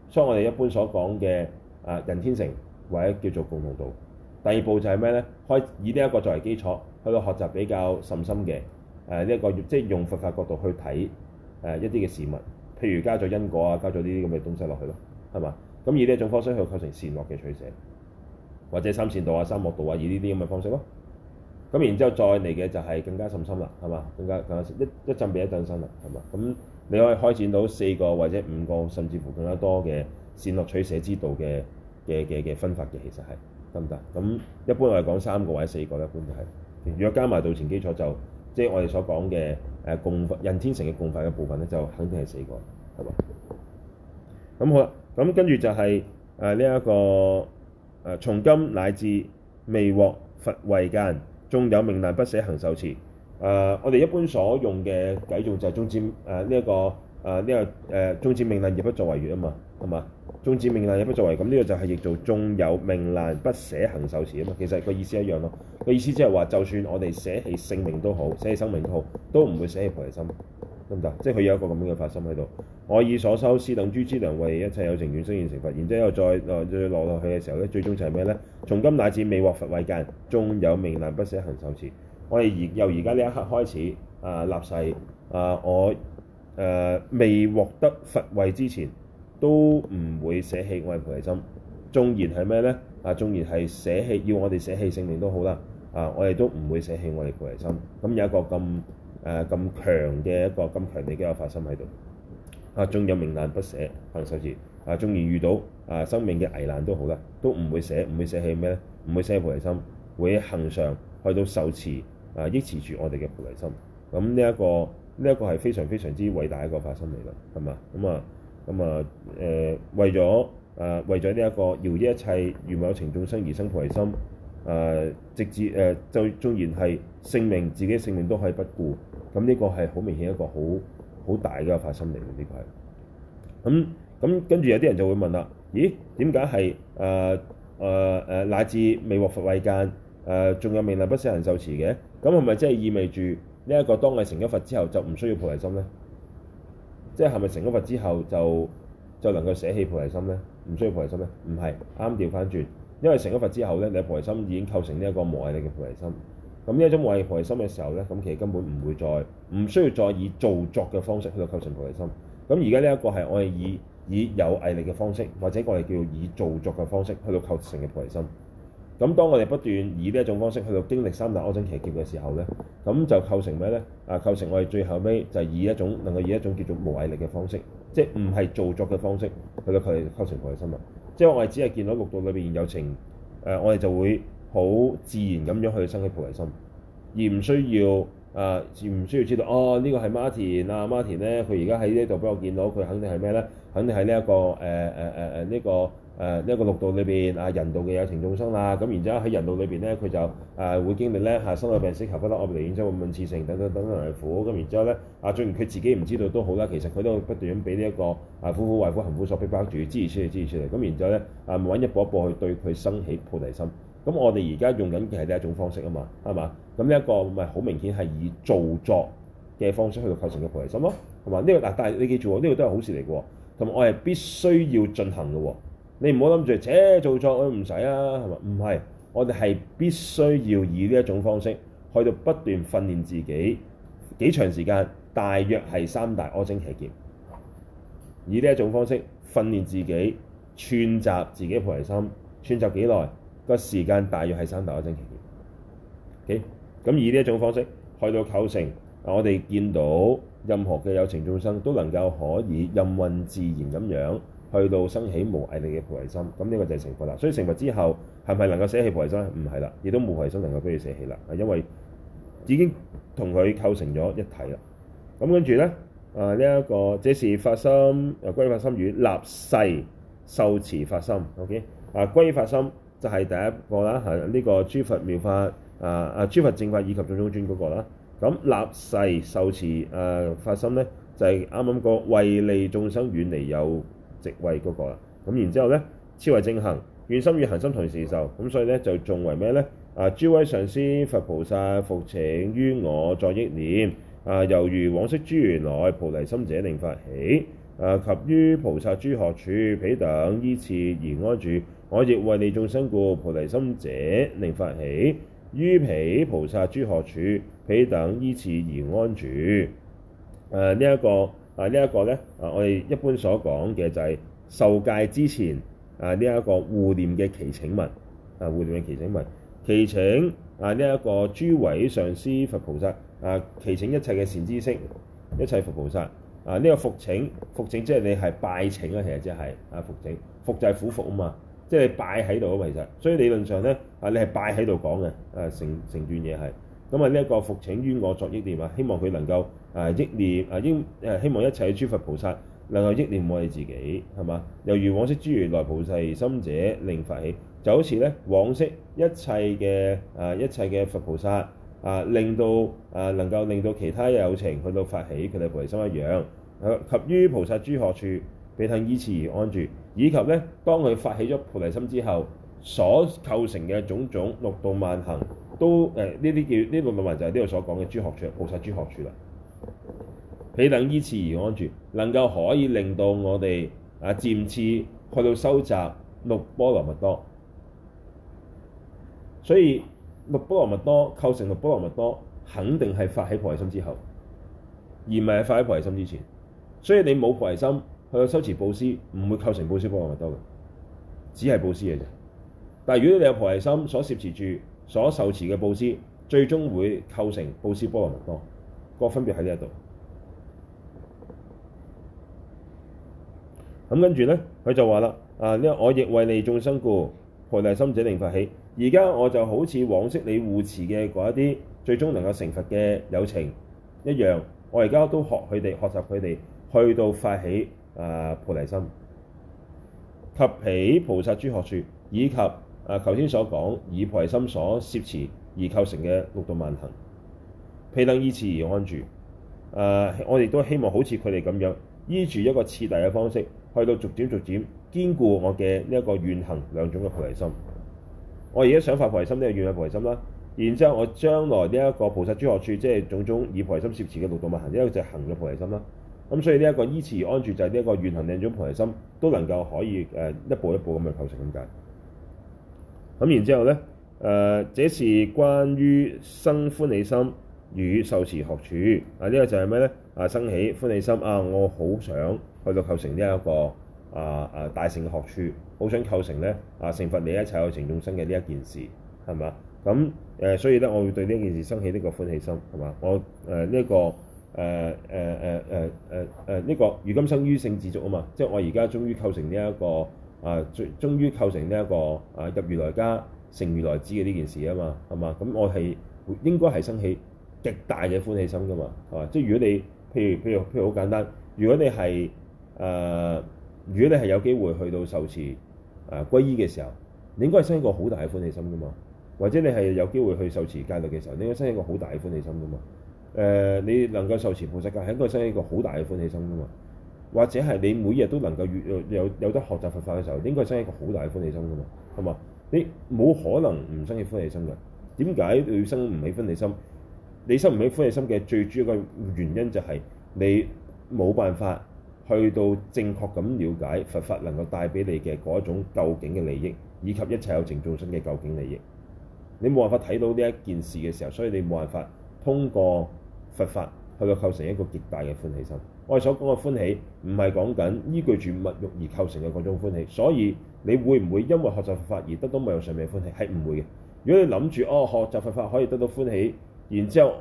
所以我哋一般所講嘅啊人天成或者叫做共同道。第二步就係咩咧？可以以呢一個作為基礎去到學習比較甚深嘅誒呢一個，即係用佛法角度去睇誒、呃、一啲嘅事物，譬如加咗因果啊，加咗呢啲咁嘅東西落去咯，係嘛？咁以呢一種方式去到構成善惡嘅取捨。或者三線道啊、三樂道啊，以呢啲咁嘅方式咯。咁然之後再嚟嘅就係更加甚深啦，係嘛？更加更加一一浸比一浸深啦，係嘛？咁你可以開展到四個或者五個，甚至乎更加多嘅善樂取捨之道嘅嘅嘅嘅分法嘅，其實係得唔得？咁一般我哋講三個或者四個，一般就係，如果加埋道前基礎就，就即、是、係我哋所講嘅誒、啊、共人天乘嘅共法嘅部分咧，就肯定係四個，係嘛？咁好啦，咁跟住就係誒呢一個。誒從今乃至未獲佛位間，縱有命難不捨行受持。誒、呃，我哋一般所用嘅偈仲就係中止誒呢一個誒呢、呃這個誒中止命難亦不作為語啊嘛，係、呃、嘛？中止命難亦不作為，咁呢個就係譯做縱有命難不捨行受持啊嘛。其實個意思一樣咯，個意思即係話，就算我哋捨棄性命都好，捨棄生命都好，都唔會捨棄菩提心。咁大，即係佢有一個咁樣嘅發心喺度。我以所修施等諸之糧，為一切有情願生現成佛。然之後再落落去嘅時候咧，最終就係咩咧？從今乃至未獲佛位間，縱有命難不捨行受持。我哋而由而家呢一刻開始，啊立誓啊，我誒、啊、未獲得佛位之前，都唔會捨棄我哋菩提心。縱然係咩咧？啊，縱然係捨棄，要我哋捨棄性命都好啦。啊，我哋都唔會捨棄我哋菩提心。咁、嗯、有一個咁。誒咁、啊、強嘅一個咁強烈嘅發心喺度，啊，仲有命難不捨，行受持，啊，縱然遇到啊生命嘅危難都好啦，都唔會捨，唔會捨棄咩咧？唔會捨棄菩提心，會行上去到受持，啊，憶持住我哋嘅菩提心。咁呢一個呢一、這個係非常非常之偉大一個發心嚟㗎，係嘛？咁啊咁啊誒，為咗誒、啊、為咗呢一個，搖於一切如母有情眾生而生菩提心。誒直至誒就縱然係性命，自己性命都可以不顧，咁呢個係好明顯一個好好大嘅發心嚟嘅呢個係。咁咁、嗯嗯、跟住有啲人就會問啦：咦，點解係誒誒誒乃至未獲佛慧間誒，仲、呃、有命難不捨人受持嘅？咁係咪即係意味住呢一個當你成咗佛之後就唔需要菩提心咧？即係係咪成咗佛之後就就能夠捨棄菩提心咧？唔需要菩提心咧？唔係，啱調翻轉。因為成咗佛之後咧，你嘅菩提心已經構成呢一個無畏力嘅菩提心。咁呢一種無畏力菩提心嘅時候咧，咁其實根本唔會再唔需要再以造作嘅方式去到構成菩提心。咁而家呢一個係我哋以以有毅力嘅方式，或者我哋叫以造作嘅方式去到構成嘅菩提心。咁當我哋不斷以呢一種方式去到經歷三大阿僧祇劫嘅時候咧，咁就構成咩咧？啊，構成我哋最後尾就係以一種能夠以一種叫做無畏力嘅方式，即係唔係造作嘅方式去到佢哋構成菩提心啦。即係我哋只係見到六道裏邊有情，誒、呃，我哋就會好自然咁樣去生起菩提心，而唔需要誒、呃，而唔需要知道哦，這個 Martin, 啊 Martin，呢個係 Martin 啊，Martin 咧，佢而家喺呢度俾我見到，佢肯定係咩咧？肯定係呢一個誒誒誒誒呢個。呃呃呃這個誒一個六道裏邊啊，人道嘅有情眾生啦，咁然之後喺人道裏邊咧，佢就誒會經歷咧嚇生老病死、求不得、愛別離，然之後悶悶痴等等等等嚟苦。咁然之後咧啊，俊然佢自己唔知道都好啦，其實佢都不斷咁俾呢一個啊苦苦、壞苦、行苦所逼包住，支持出嚟，支持出嚟。咁然之後咧啊，揾一步一步去對佢生起菩提心。咁我哋而家用緊嘅係呢一種方式啊嘛，係嘛？咁呢一個咪好明顯係以造作嘅方式去到構成個菩提心咯，係嘛？呢個嗱，但係你記住喎，呢個都係好事嚟嘅，同埋我係必須要進行嘅喎。你唔好諗住，扯、欸、做錯佢唔使啊，係嘛？唔係，我哋係必須要以呢一種方式去到不斷訓練自己，幾長時間？大約係三大阿僧祇劫。以呢一種方式訓練自己，串習自己菩提心，串習幾耐個時間？大約係三大阿僧祇劫。O.K. 咁以呢一種方式去到構成，我哋見到任何嘅有情眾生都能夠可以任運自然咁樣。去到生起無毅力嘅菩提心，咁呢個就係成佛啦。所以成佛之後係咪能夠捨棄菩提心？唔係啦，亦都無菩提心能夠俾佢捨棄啦。係因為已經同佢構成咗一體啦。咁跟住咧啊，呢、呃、一、這個這是發心啊、呃，歸發心與立誓受持發心。OK 啊、呃，歸發心就係第一個啦，係、啊、呢、這個諸佛妙法啊啊，諸佛正法以及眾中尊嗰個啦。咁、啊、立誓受持啊，發心咧就係啱啱個為利眾生遠離有。直位嗰、那個啦，咁然之後咧，超為正行，願心與行心同時受。就，咁所以咧就仲為咩咧？啊，諸位上師佛菩薩復請於我作憶念，啊，猶如往昔諸如來菩提心者令發起，啊，及於菩薩諸學處彼等依次而安住，我亦為利眾生故菩提心者令發起，於彼菩薩諸學處彼等依次而安住，誒呢一個。啊！這個、呢一個咧，啊，我哋一般所講嘅就係受戒之前，啊，呢、這、一個互念嘅祈請文，啊，互念嘅祈請文，祈請，啊，呢、這、一個諸位上師、佛菩薩，啊，祈請一切嘅善知識，一切佛菩薩。啊，呢、這個復請，復請即係你係拜請啊，其實即係啊，復請，復就係苦復啊嘛，即係你拜喺度啊其實，所以理論上咧，啊，你係拜喺度講嘅，啊，成成段嘢係，咁啊呢一、這個復請於我作益念啊，希望佢能夠。啊！憶念啊！應誒希望一切諸佛菩薩能夠憶念我哋自己係嘛？猶如往昔諸如來菩提心者，令發起就好似咧往昔一切嘅啊一切嘅佛菩薩啊，令到啊能夠令到其他友情去到發起佢哋菩提心一樣，啊。及於菩薩諸學處，彼等依次而安住，以及咧當佢發起咗菩提心之後，所構成嘅種種六度萬行都誒呢啲叫呢六度萬就係呢度所講嘅諸學處，菩薩諸學處啦。你等依次而安住，能夠可以令到我哋啊漸次去到收集六波羅蜜多。所以六波羅蜜多構成六波羅蜜多，肯定係發起菩提心之後，而唔係發起菩提心之前。所以你冇菩提心去到修持布施，唔會構成布施波羅蜜多嘅，只係布施嘅啫。但係如果你有菩提心所攝持住、所受持嘅布施，最終會構成布施波羅蜜多。個分別喺呢一度。咁跟住咧，佢就話啦，啊，呢我亦為利眾生故，菩提心者令發起。而家我就好似往昔你護持嘅嗰一啲最終能夠成佛嘅有情一樣，我而家都學佢哋，學習佢哋去到發起啊菩提心，及彼菩薩諸學處，以及啊頭先所講以菩提心所攝持而構成嘅六度萬行，彼等依次而安住。啊，我哋都希望好似佢哋咁樣依住一個次第嘅方式。去到逐漸逐漸堅固我嘅呢一個願行兩種嘅菩提心，我而家想發菩提心，呢個願菩提心啦。然之後我將來呢一個菩薩諸學處，即係種種以菩提心攝持嘅六度萬行，呢一個就係行咗菩提心啦。咁所以呢一個依持而安住，就係呢一個願行兩種菩提心，都能夠可以誒一步一步咁去構成咁解。咁、這個、然之後咧，誒、呃、這是關於生歡喜心。與受持學處啊，呢、這個就係咩咧？啊，生起歡喜心啊！我好想去到構成呢、這、一個啊啊大乘嘅學處，好想構成咧啊，成佛利一切有情眾生嘅呢一件事係嘛？咁誒、啊，所以咧，我會對呢件事生起呢個歡喜心係嘛？我誒呢、呃這個誒誒誒誒誒誒呢個如今生於聖字族啊嘛，即係我而家終於構成呢、這、一個啊，最終於構成呢、這、一個啊入如來家成如來之嘅呢件事啊嘛係嘛？咁我係應該係生起。極大嘅歡喜心㗎嘛，係嘛？即係如果你譬如譬如譬如好簡單，如果你係誒、呃，如果你係有機會去到受持誒皈依嘅時候，你應該係生一個好大嘅歡喜心㗎嘛。或者你係有機會去受持戒律嘅時候，你應該生一個好大嘅歡喜心㗎嘛。誒、呃，你能夠受持菩薩戒，係應該生一個好大嘅歡喜心㗎嘛。或者係你每日都能夠越有有，有得學習佛法嘅時候，你應該生一個好大嘅歡喜心㗎嘛。係嘛？你冇可能唔生起歡喜心㗎？點解你要生唔起歡喜心？你收唔起歡喜心嘅最主要嘅原因就係你冇辦法去到正確咁了解佛法能夠帶俾你嘅嗰種究竟嘅利益，以及一切有情眾生嘅究竟利益。你冇辦法睇到呢一件事嘅時候，所以你冇辦法通過佛法去到構成一個極大嘅歡喜心。我哋所講嘅歡喜唔係講緊依據住物欲而構成嘅嗰種歡喜，所以你會唔會因為學習佛法而得到物欲上面嘅歡喜，係唔會嘅。如果你諗住哦，學習佛法可以得到歡喜。然之後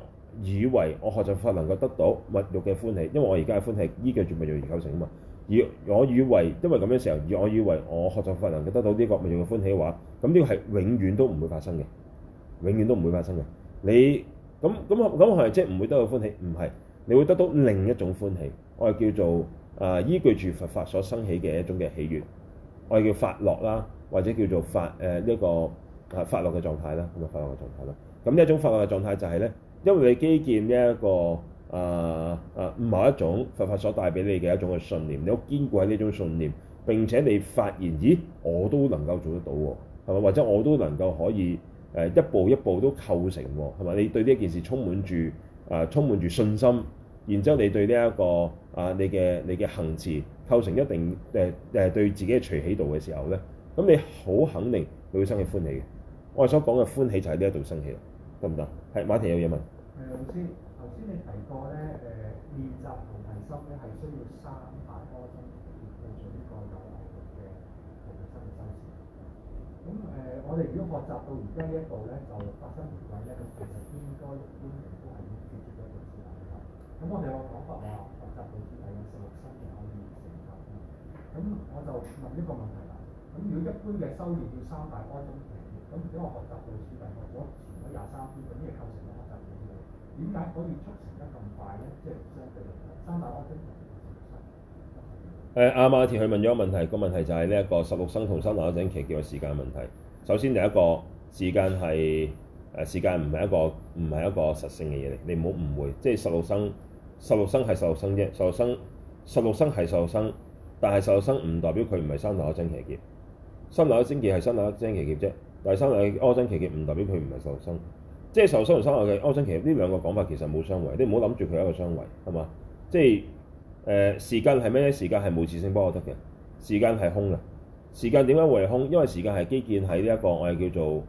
以為我學習法能夠得到物欲嘅歡喜，因為我而家嘅歡喜，依據住物欲而構成啊嘛。而我以為，因為咁樣嘅時候，而我以為我學習法能夠得到呢個物欲嘅歡喜嘅話，咁呢個係永遠都唔會發生嘅，永遠都唔會發生嘅。你咁咁咁係即係唔會得到歡喜，唔係，你會得到另一種歡喜，我係叫做啊、呃、依據住佛法所生起嘅一種嘅喜悅，我係叫法樂啦，或者叫做法誒呢、呃這個啊法樂嘅狀態啦，咁啊法樂嘅狀態啦。咁呢一種佛教嘅狀態就係咧，因為你基建呢一個啊啊唔係一種佛法所帶俾你嘅一種嘅信念，你好堅固喺呢種信念，並且你發現咦我都能夠做得到喎、啊，係嘛？或者我都能夠可以誒、呃、一步一步都構成喎、啊，係嘛？你對呢一件事充滿住啊、呃、充滿住信心，然之後你對呢、這、一個啊、呃、你嘅你嘅行持構成一定誒誒、呃、對自己係隨喜度嘅時候咧，咁你好肯定你會生起歡喜嘅。我哋所講嘅歡喜就係呢一度生起。得唔得？係，馬庭有嘢問。誒、呃，老師，頭先你提過咧，誒、呃、練習同提心咧係需要三大波中嘅嘢去做呢個有難度嘅提嘅修持。咁誒、呃，我哋如果學習到而家呢一步咧，就發生唔同嘅嘢，咁其實應該一般嚟都係要經接咗個資格啦。咁我哋有講法話學習到此第十六級可以成就啦。咁我就問一個問題啦。咁如果一般嘅修練要三大波中嘅嘢，咁如果我學習到此第六級？廿三天咁樣構成咗，點解可以促成得咁快咧？即係三百一升期。阿馬田去問咗個問題，個問題就係呢一個十六生同三百一升期結嘅時間問題。首先第一個時間係誒，時間唔係一個唔係一個實性嘅嘢嚟，你唔好誤會。即係十六生，十六生係十六生啫，十六生十六生係十六生，但係十六生唔代表佢唔係三百一升期結，三百一升期係三百一升期結啫。第三係安真奇嘅，唔代表佢唔係受生。即係受生同生還嘅安真奇呢兩個講法其實冇相違，你唔好諗住佢一個相違，係嘛？即係誒時間係咩咧？時間係無自性不可得嘅，時間係空嘅。時間點解會係空？因為時間係基建喺呢一個我哋叫做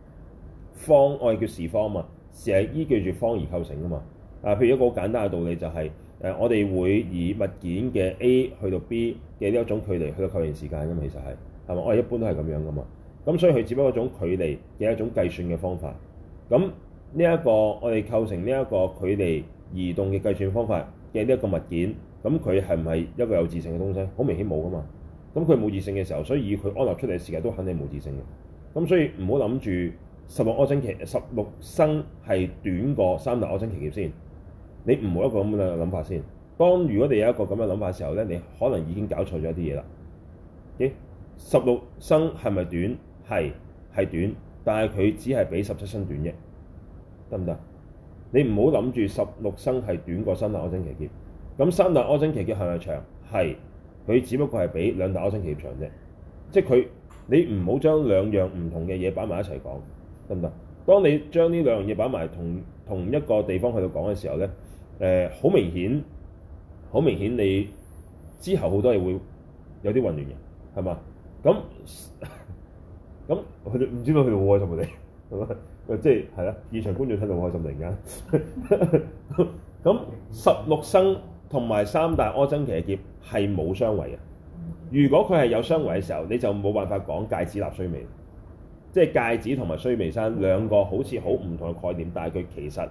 方，我哋叫，叫時方啊嘛，成日依據住方而構成噶嘛。啊，譬如一個好簡單嘅道理就係、是、誒、啊，我哋會以物件嘅 A 去到 B 嘅呢一種距離去到構成時間咁，其實係係嘛？我哋一般都係咁樣噶嘛。咁所以佢只不過一種距離嘅一種計算嘅方法。咁呢一個我哋構成呢一個距離移動嘅計算方法嘅呢一個物件，咁佢係唔係一個有自性嘅東西？好明顯冇㗎嘛。咁佢冇自性嘅時候，所以佢安立出嚟嘅時間都肯定冇自性嘅。咁所以唔好諗住十六阿僧祇十六生係短過三大阿僧祇嘅先。你唔好一個咁嘅諗法先。當如果你有一個咁嘅諗法嘅時候咧，你可能已經搞錯咗一啲嘢啦。欸、十六生係咪短？係係短，但係佢只係比十七生短啫，得唔得？你唔好諗住十六生係短過三大阿僧祇劫，咁三大阿僧祇劫係咪長？係，佢只不過係比兩大阿僧祇劫長啫，即係佢你唔好將兩樣唔同嘅嘢擺埋一齊講，得唔得？當你將呢兩樣嘢擺埋同同一個地方去到講嘅時候咧，誒、呃、好明顯，好明顯你之後好多嘢會有啲混亂嘅，係嘛？咁 [laughs] 咁佢哋唔知道佢哋好開心嘅，係 [laughs] 咪、就是？即係係啦，現場觀眾睇到好開心，突然間。咁十六生同埋三大柯曾奇嘅劫係冇相違嘅。如果佢係有相違嘅時候，你就冇辦法講戒指立須彌。即、就、係、是、戒指同埋須彌山兩個好似好唔同嘅概念，但係佢其實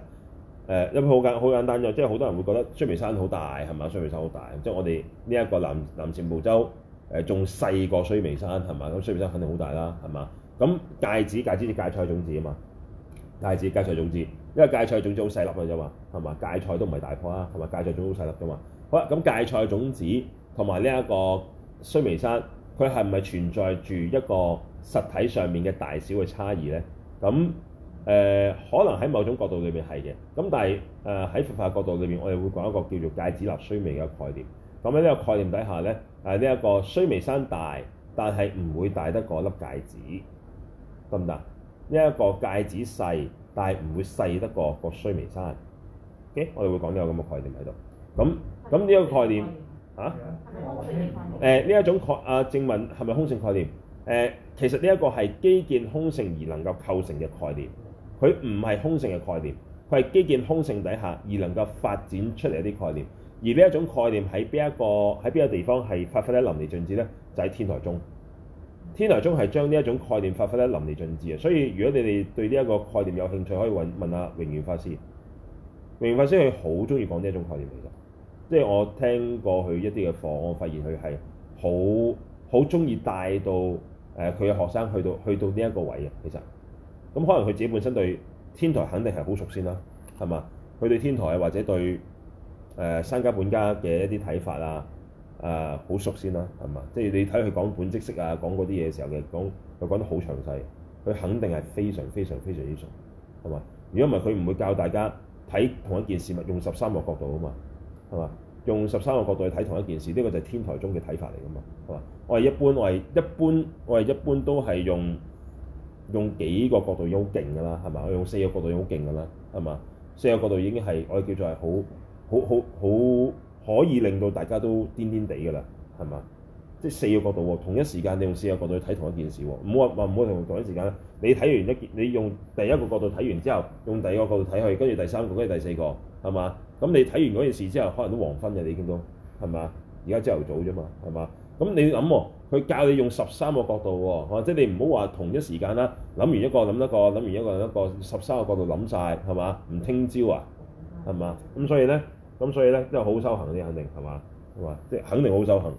誒因為好簡好簡單咗，即係好多人會覺得須彌山好大係咪？須彌山好大。即、就、係、是、我哋呢一個南南贍部洲，誒仲細過須彌山係嘛？咁須彌山肯定好大啦，係嘛？咁芥子，芥子就芥菜種子啊嘛，芥子，芥菜種子，因為芥菜種子好細粒嘅啫嘛，係嘛？芥菜都唔係大棵啊，係嘛？芥菜種好細粒嘅嘛。好啦，咁芥菜種子同埋呢一個須彌山，佢係咪存在住一個實體上面嘅大小嘅差異咧？咁誒、呃、可能喺某種角度裏面係嘅，咁但係誒喺佛法角度裏面，我哋會講一個叫做芥子納須彌嘅概念。咁喺呢個概念底下咧，誒呢一個須彌山大，但係唔會大得過粒戒指，得唔得？呢、這、一個戒指細，但係唔會細得過個須彌山。O.K. 我哋會講呢個咁嘅概念喺度。咁咁呢個概念，、嗯嗯這個、概念啊？誒呢一種概啊，正文係咪空性概念？誒、呃、其實呢一個係基建空性而能夠構成嘅概念，佢唔係空性嘅概念，佢係基建空性底下而能夠發展出嚟啲概念。而呢一種概念喺邊一個喺邊個地方係發揮得淋漓盡致呢？就喺天台中。天台中係將呢一種概念發揮得淋漓盡致啊！所以如果你哋對呢一個概念有興趣，可以揾問下榮元法師。榮元法師佢好中意講呢一種概念嚟嘅，即係我聽過佢一啲嘅課，我發現佢係好好中意帶到誒佢嘅學生去到去到呢一個位嘅。其實咁可能佢自己本身對天台肯定係好熟先啦，係嘛？佢對天台或者對。誒三、呃、家本家嘅一啲睇法啊，誒、呃、好熟先啦、啊，係嘛？即係你睇佢講本質式啊，講嗰啲嘢嘅時候嘅講，佢講得好詳細，佢肯定係非常非常非常之熟，係嘛？如果唔係佢唔會教大家睇同一件事物用十三個角度啊嘛，係嘛？用十三個角度去睇同一件事，呢個，個，這個就係天台中天台宗嘅睇法嚟㗎嘛，係嘛？我係一般，我係一般，我係一,一般都係用用幾個角度已經好勁㗎啦，係嘛？我用四個角度已經好勁㗎啦，係嘛？四個角度已經係我哋叫做係好。好好好，好好可以令到大家都癲癲地㗎啦，係嘛？即係四個角度喎，同一時間你用四個角度去睇同一件事喎，唔好話唔好同同一時間啦。你睇完一件，你用第一個角度睇完之後，用第二個角度睇去，跟住第三個，跟住第四個，係嘛？咁你睇完嗰件事之後，可能都黃昏嘅，你見到係嘛？而家朝頭早啫嘛，係嘛？咁你諗，啊，佢教你用你十三個角度喎，即係你唔好話同一時間啦，諗完一個諗一個，諗完一個一個十三個角度諗晒，係嘛？唔聽朝啊，係嘛？咁所以咧。咁所以咧都係好修行啲，肯定係嘛？係嘛、呃？即係肯定好修行。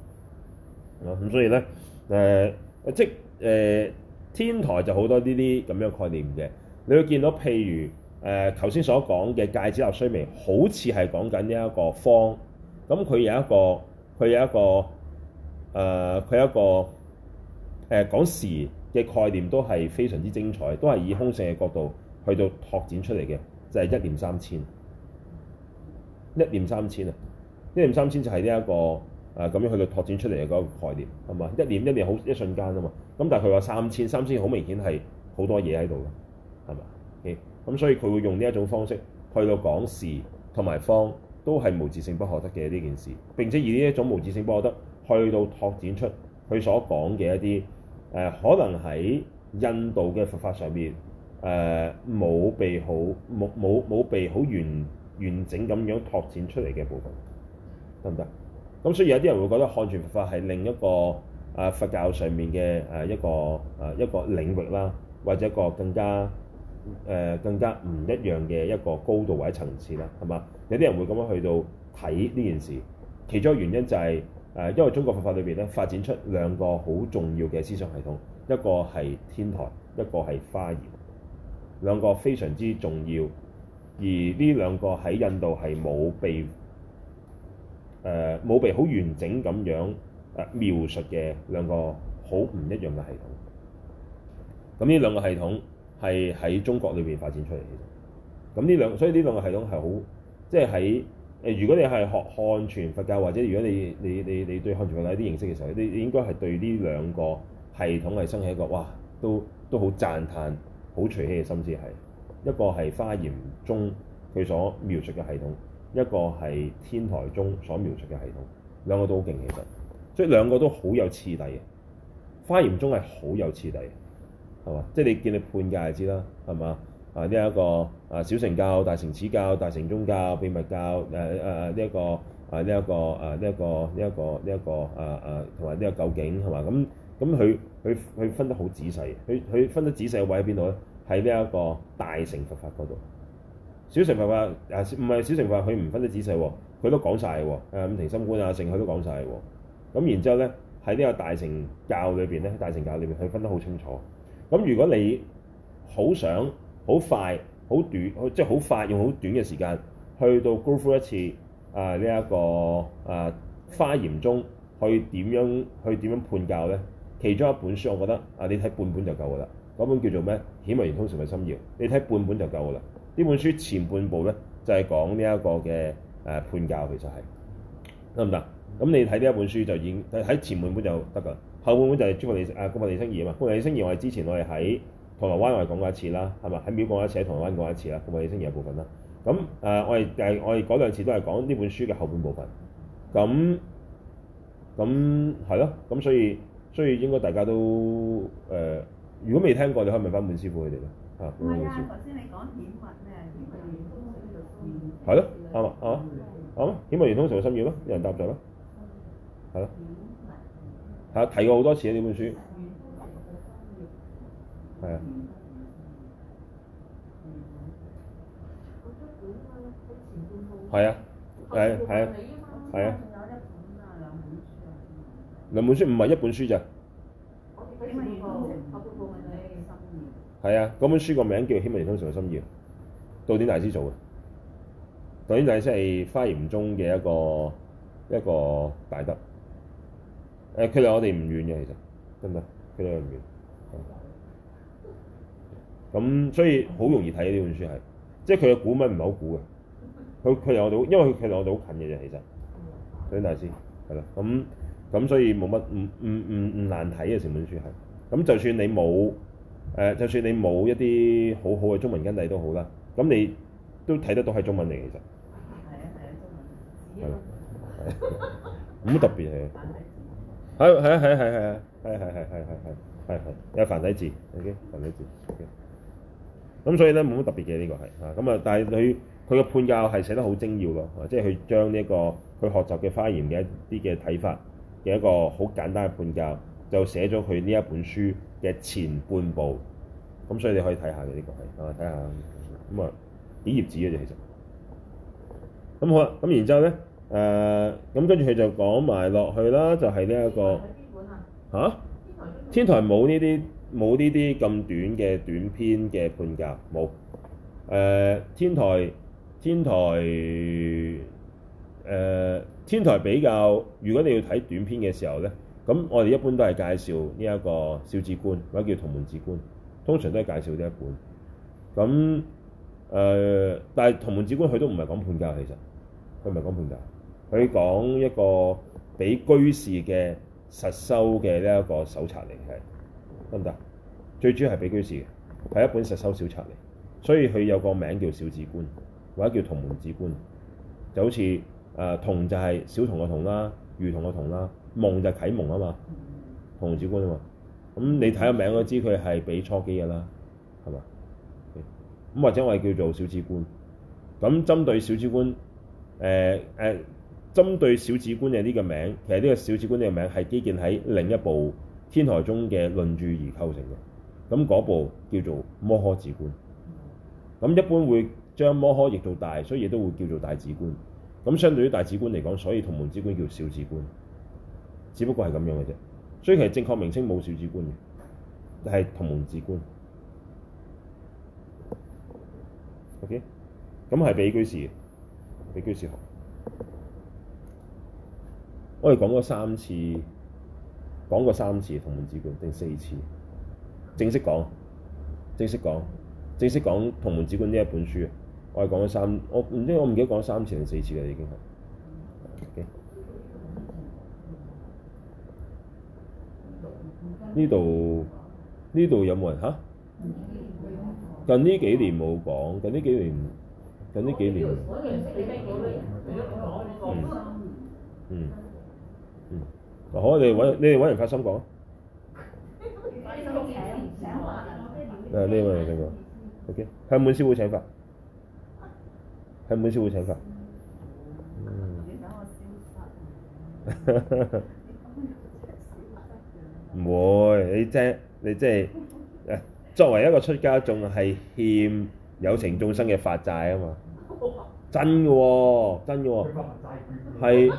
咁所以咧，誒即係天台就好多呢啲咁樣概念嘅。你會見到，譬如誒頭先所講嘅戒指立衰微，好似係講緊呢一個方。咁佢有一個，佢有一個，誒、呃、佢有一個誒、呃、講時嘅概念，都係非常之精彩，都係以空性嘅角度去到拓展出嚟嘅，就係一念三千。一念三千啊！一念三千就係呢一個誒咁、呃、樣去到拓展出嚟嘅嗰個概念，係嘛？一念一念好一瞬間啊嘛！咁但係佢話三千，三千好明顯係好多嘢喺度咯，係嘛？咁、okay? 嗯、所以佢會用呢一種方式去到講時同埋方，都係無自性不可得嘅呢件事。並且以呢一種無自性不可得去到拓展出佢所講嘅一啲誒、呃，可能喺印度嘅佛法上面誒冇、呃、被好冇冇冇被好完。完整咁樣拓展出嚟嘅部分，得唔得？咁所以有啲人會覺得漢傳佛法係另一個啊、呃、佛教上面嘅啊、呃、一個啊、呃、一個領域啦，或者一個更加誒、呃、更加唔一樣嘅一個高度或者層次啦，係嘛？有啲人會咁樣去到睇呢件事，其中一個原因就係、是、誒、呃、因為中國佛法裏邊咧發展出兩個好重要嘅思想系統，一個係天台，一個係華嚴，兩個非常之重要。而呢兩個喺印度係冇被誒冇、呃、被好完整咁樣誒描述嘅兩個好唔一樣嘅系統。咁呢兩個系統係喺中國裏邊發展出嚟嘅。咁呢兩所以呢兩個系統係好，即係喺誒，如果你係學漢傳佛教，或者如果你你你你對漢傳佛教有啲認識嘅時候，你你應該係對呢兩個系統係生起一個哇都都好讚歎、好隨喜嘅心思係。一個係華嚴宗佢所描述嘅系統，一個係天台宗所描述嘅系統，兩個都好勁，其實，所以兩個都好有次第嘅。華嚴宗係好有次第，係嘛？即係你見你判教就知啦，係嘛？啊呢一、這個啊小乘教、大乘始教、大乘終教、秘密教，誒誒呢一個啊呢一、這個啊呢一、這個呢一、啊這個呢一個啊啊同埋呢個究竟係嘛？咁咁佢佢佢分得好仔細，佢佢分得仔細嘅位喺邊度咧？喺呢一個大乘佛法嗰度，小乘佛法啊，唔係小乘法，佢唔分得仔細喎，佢都講晒喎，五、嗯、停心觀啊，剩佢都講晒喎。咁然之後咧，喺呢個大乘教裏邊咧，大乘教裏邊佢分得好清楚。咁如果你好想好快好短，即係好快用好短嘅時間去到 go through 一次啊呢一、這個啊花嚴宗，去點樣去點樣判教咧？其中一本書，我覺得啊，你睇半本就夠㗎啦。嗰本叫做咩？《顯密圓通》常嘅心要？你睇半本就夠噶啦。呢本書前半部咧就係講呢一個嘅誒、呃、判教，其實係得唔得？咁你睇呢一本書就已經喺前半本就得噶啦。後半本就係朱佛理升啊，顧佛理升二啊嘛。顧佛理星二我哋之前我哋喺銅鑼灣我哋講過一次啦，係咪？喺廟角一次喺銅鑼灣講一次啦，顧佛理星二嘅部分啦。咁誒、呃，我係誒、呃、我哋嗰兩次都係講呢本書嘅後半部分。咁咁係咯，咁所以，所以，所以，所以應該大家都誒。呃如果未聽過，你可以問翻滿師傅佢哋咯。嚇，唔係啊，頭先你講險物咩？係咯，啱啊，啊，啱咯，險物員通常嘅心語咯，有人答咗咯，係咯、嗯，嚇、嗯，提過好多次呢本書，係、嗯、啊，係、嗯、啊，係、嗯、啊，兩、啊啊啊啊啊啊、本書唔係一本書咋。《希系、嗯、啊，嗰本書個名叫《希孟遺構》上嘅心意，道典大師做嘅，道典大師係華嚴宗嘅一個一個大德，誒、啊，佢離我哋唔遠嘅其實，真係佢離唔遠，咁、嗯、所以好容易睇呢本書係，即係佢嘅古文唔係好古嘅，佢佢離我哋因為佢離我哋好近嘅啫，其實，道典大師係啦，咁。嗯咁所以冇乜唔唔唔唔難睇嘅成本書係咁，就算你冇誒，就算你冇一啲好好嘅中文根底都好啦。咁你都睇得到係中文嚟，嘅。其實係啊係啊，中文係啊，冇乜特別係啊，係係係係係啊，係係係係係係係係有繁體字，OK，繁體字 OK。咁所以咧冇乜特別嘅呢個係嚇咁啊！但係佢佢嘅判教係寫得好精要囉，即係佢將呢一個佢學習嘅花言嘅一啲嘅睇法。一個好簡單嘅判教，就寫咗佢呢一本書嘅前半部，咁所以你可以睇下佢呢、這個係，我睇下，咁啊幾頁紙嘅啫，其實，咁好啦，咁然之後咧，誒、呃，咁跟住佢就講埋落去啦，就係呢一個，嚇、啊？天台冇呢啲冇呢啲咁短嘅短篇嘅判教，冇，誒、呃，天台天台。誒天台比較，如果你要睇短篇嘅時候咧，咁我哋一般都係介紹呢一個《小止觀》或者叫《童蒙止觀》，通常都係介紹呢一本。咁誒、呃，但係《童蒙止觀》佢都唔係講判教，其實佢唔係講判教，佢講一個俾居士嘅實修嘅呢一個手冊嚟，係得唔得？最主要係俾居士嘅，係一本實修小冊嚟，所以佢有個名叫《小止觀》或者叫《童蒙止觀》，就好似。誒童就係小童個童啦，愚童個童啦。蒙就啟蒙啊嘛，童止觀啊嘛。咁你睇個名都知佢係俾初機嘅啦，係嘛？咁、okay. 或者我哋叫做小止觀。咁針對小止觀，誒、呃、誒、呃，針對小止觀嘅呢個名，其實呢個小止觀呢個名係基建喺另一部《天台宗》嘅論著而構成嘅。咁嗰部叫做摩訶止觀。咁一般會將摩訶譯做大，所以都會叫做大止觀。咁相對於大止觀嚟講，所以童蒙止觀叫小止觀，只不過係咁樣嘅啫。所以係正確名稱冇小止觀嘅，係童蒙止觀。O K，咁係比居士嘅，比居士學。我哋講過三次，講過三次童蒙止觀定四次，正式講，正式講，正式講童蒙止觀呢一本書。我講咗三，我唔知我唔記得講咗三次定四次啦，已經係。呢度呢度有冇人吓？近呢幾年冇講，近呢幾年近呢幾年，嗯嗯嗯，好啊，你揾你哋揾人發心講。誒，呢位發心講，OK，係唔滿少會請發。佢唔會請法，唔、嗯、 [laughs] 會，你即係你即係誒。 [laughs] 作為一個出家眾係欠有情眾生嘅法債啊嘛， [laughs] 真嘅喎、喔，真嘅喎、喔，係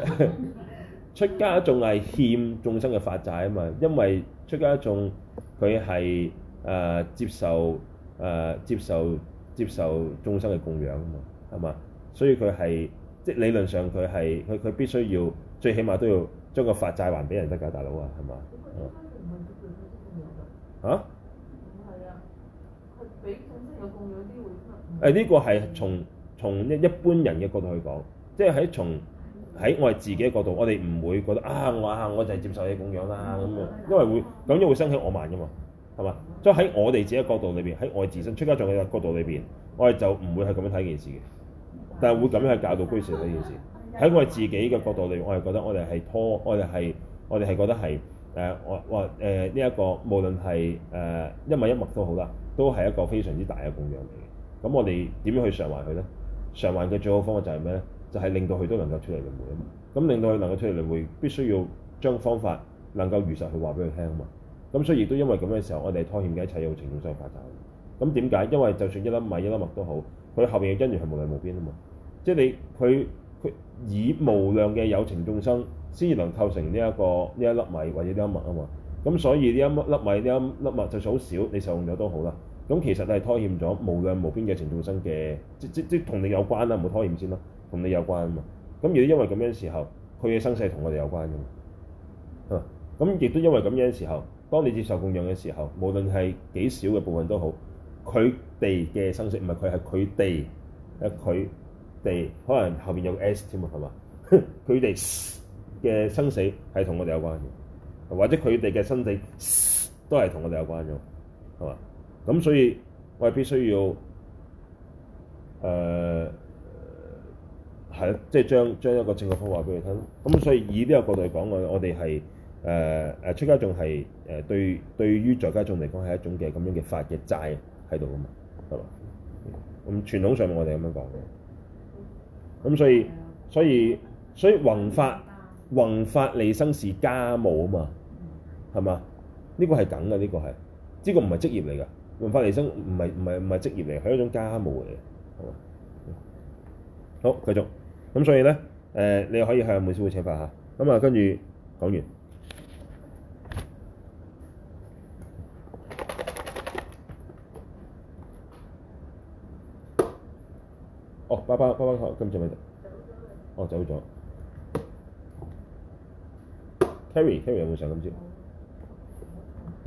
[laughs] 出家眾係欠眾生嘅法債啊嘛，因為出家眾，佢係誒接受誒、呃、接受接受眾生嘅供養啊嘛。係嘛？所以佢係即係理論上佢係佢佢必須要最起碼都要將個法債還俾人得㗎，大佬啊，係嘛？嚇？係啊。係俾餸都有供養啲會㗎。誒呢個係從從一一般人嘅角度去講，即係喺從喺我哋自己嘅角度，我哋唔會覺得啊我啊我就係接受你供養啦咁啊，因為會咁樣會生起我慢㗎嘛，係嘛？所以喺我哋自己嘅角度裏邊，喺我哋自身出家長嘅角度裏邊，我哋就唔會係咁樣睇件事嘅。但係會咁樣去教導居士呢件事，喺我哋自己嘅角度嚟，我係覺得我哋係拖，我哋係我哋係覺得係誒，我話誒呢一個無論係誒、呃、一粒米一粒麥都好啦，都係一個非常之大嘅供養嚟嘅。咁我哋點樣去償還佢咧？償還嘅最好方法就係咩咧？就係、是、令到佢都能夠脫離輪迴。咁令到佢能夠脫離輪迴，必須要將方法能夠如實去話俾佢聽啊嘛。咁所以亦都因為咁嘅時候，我哋拖欠嘅一切有情擔相應生。咁點解？因為就算一粒米一粒麥都好。佢後邊嘅根源係無量無邊啊嘛，即係你佢佢以無量嘅有情眾生先至能構成呢、這、一個呢一粒米或者呢一物啊嘛，咁所以呢一粒米呢一粒物就算好少，你受用咗都好啦。咁其實你係拖欠咗無量無邊嘅情眾生嘅，即即即同你有關啦，唔好拖欠先啦，同你有關啊嘛。咁如果因為咁樣嘅時候，佢嘅生死同我哋有關嘅嘛，咁亦都因為咁樣嘅時候，當你接受供養嘅時候，無論係幾少嘅部分都好。佢哋嘅生死唔係佢，係佢哋，係佢哋可能後邊有 S 添啊，係嘛？佢哋嘅生死係同我哋有關嘅，或者佢哋嘅生死都係同我哋有關嘅，係嘛？咁所以我係必須要誒係啦，即係將將一個正確方法俾佢聽。咁所以以呢個角度嚟講，我我哋係誒誒出家眾係誒對對於在家眾嚟講係一種嘅咁樣嘅法嘅債，喺度啊嘛，得咯。咁、嗯、傳統上面我哋咁樣講嘅，咁所以所以所以弘法弘法利生是家務啊嘛，係嘛？呢、這個係梗嘅，呢、這個係，呢、這個唔係職業嚟嘅，弘法利生唔係唔係唔係職業嚟，係一種家務嚟嘅，係嘛？好，繼續。咁所以咧，誒、呃，你可以向每師傅請法嚇，咁、嗯、啊，跟住講完。哦，包包包包開，今集咪得，走了哦，走咗。Carrie，Carrie Car 有冇上今朝？嗯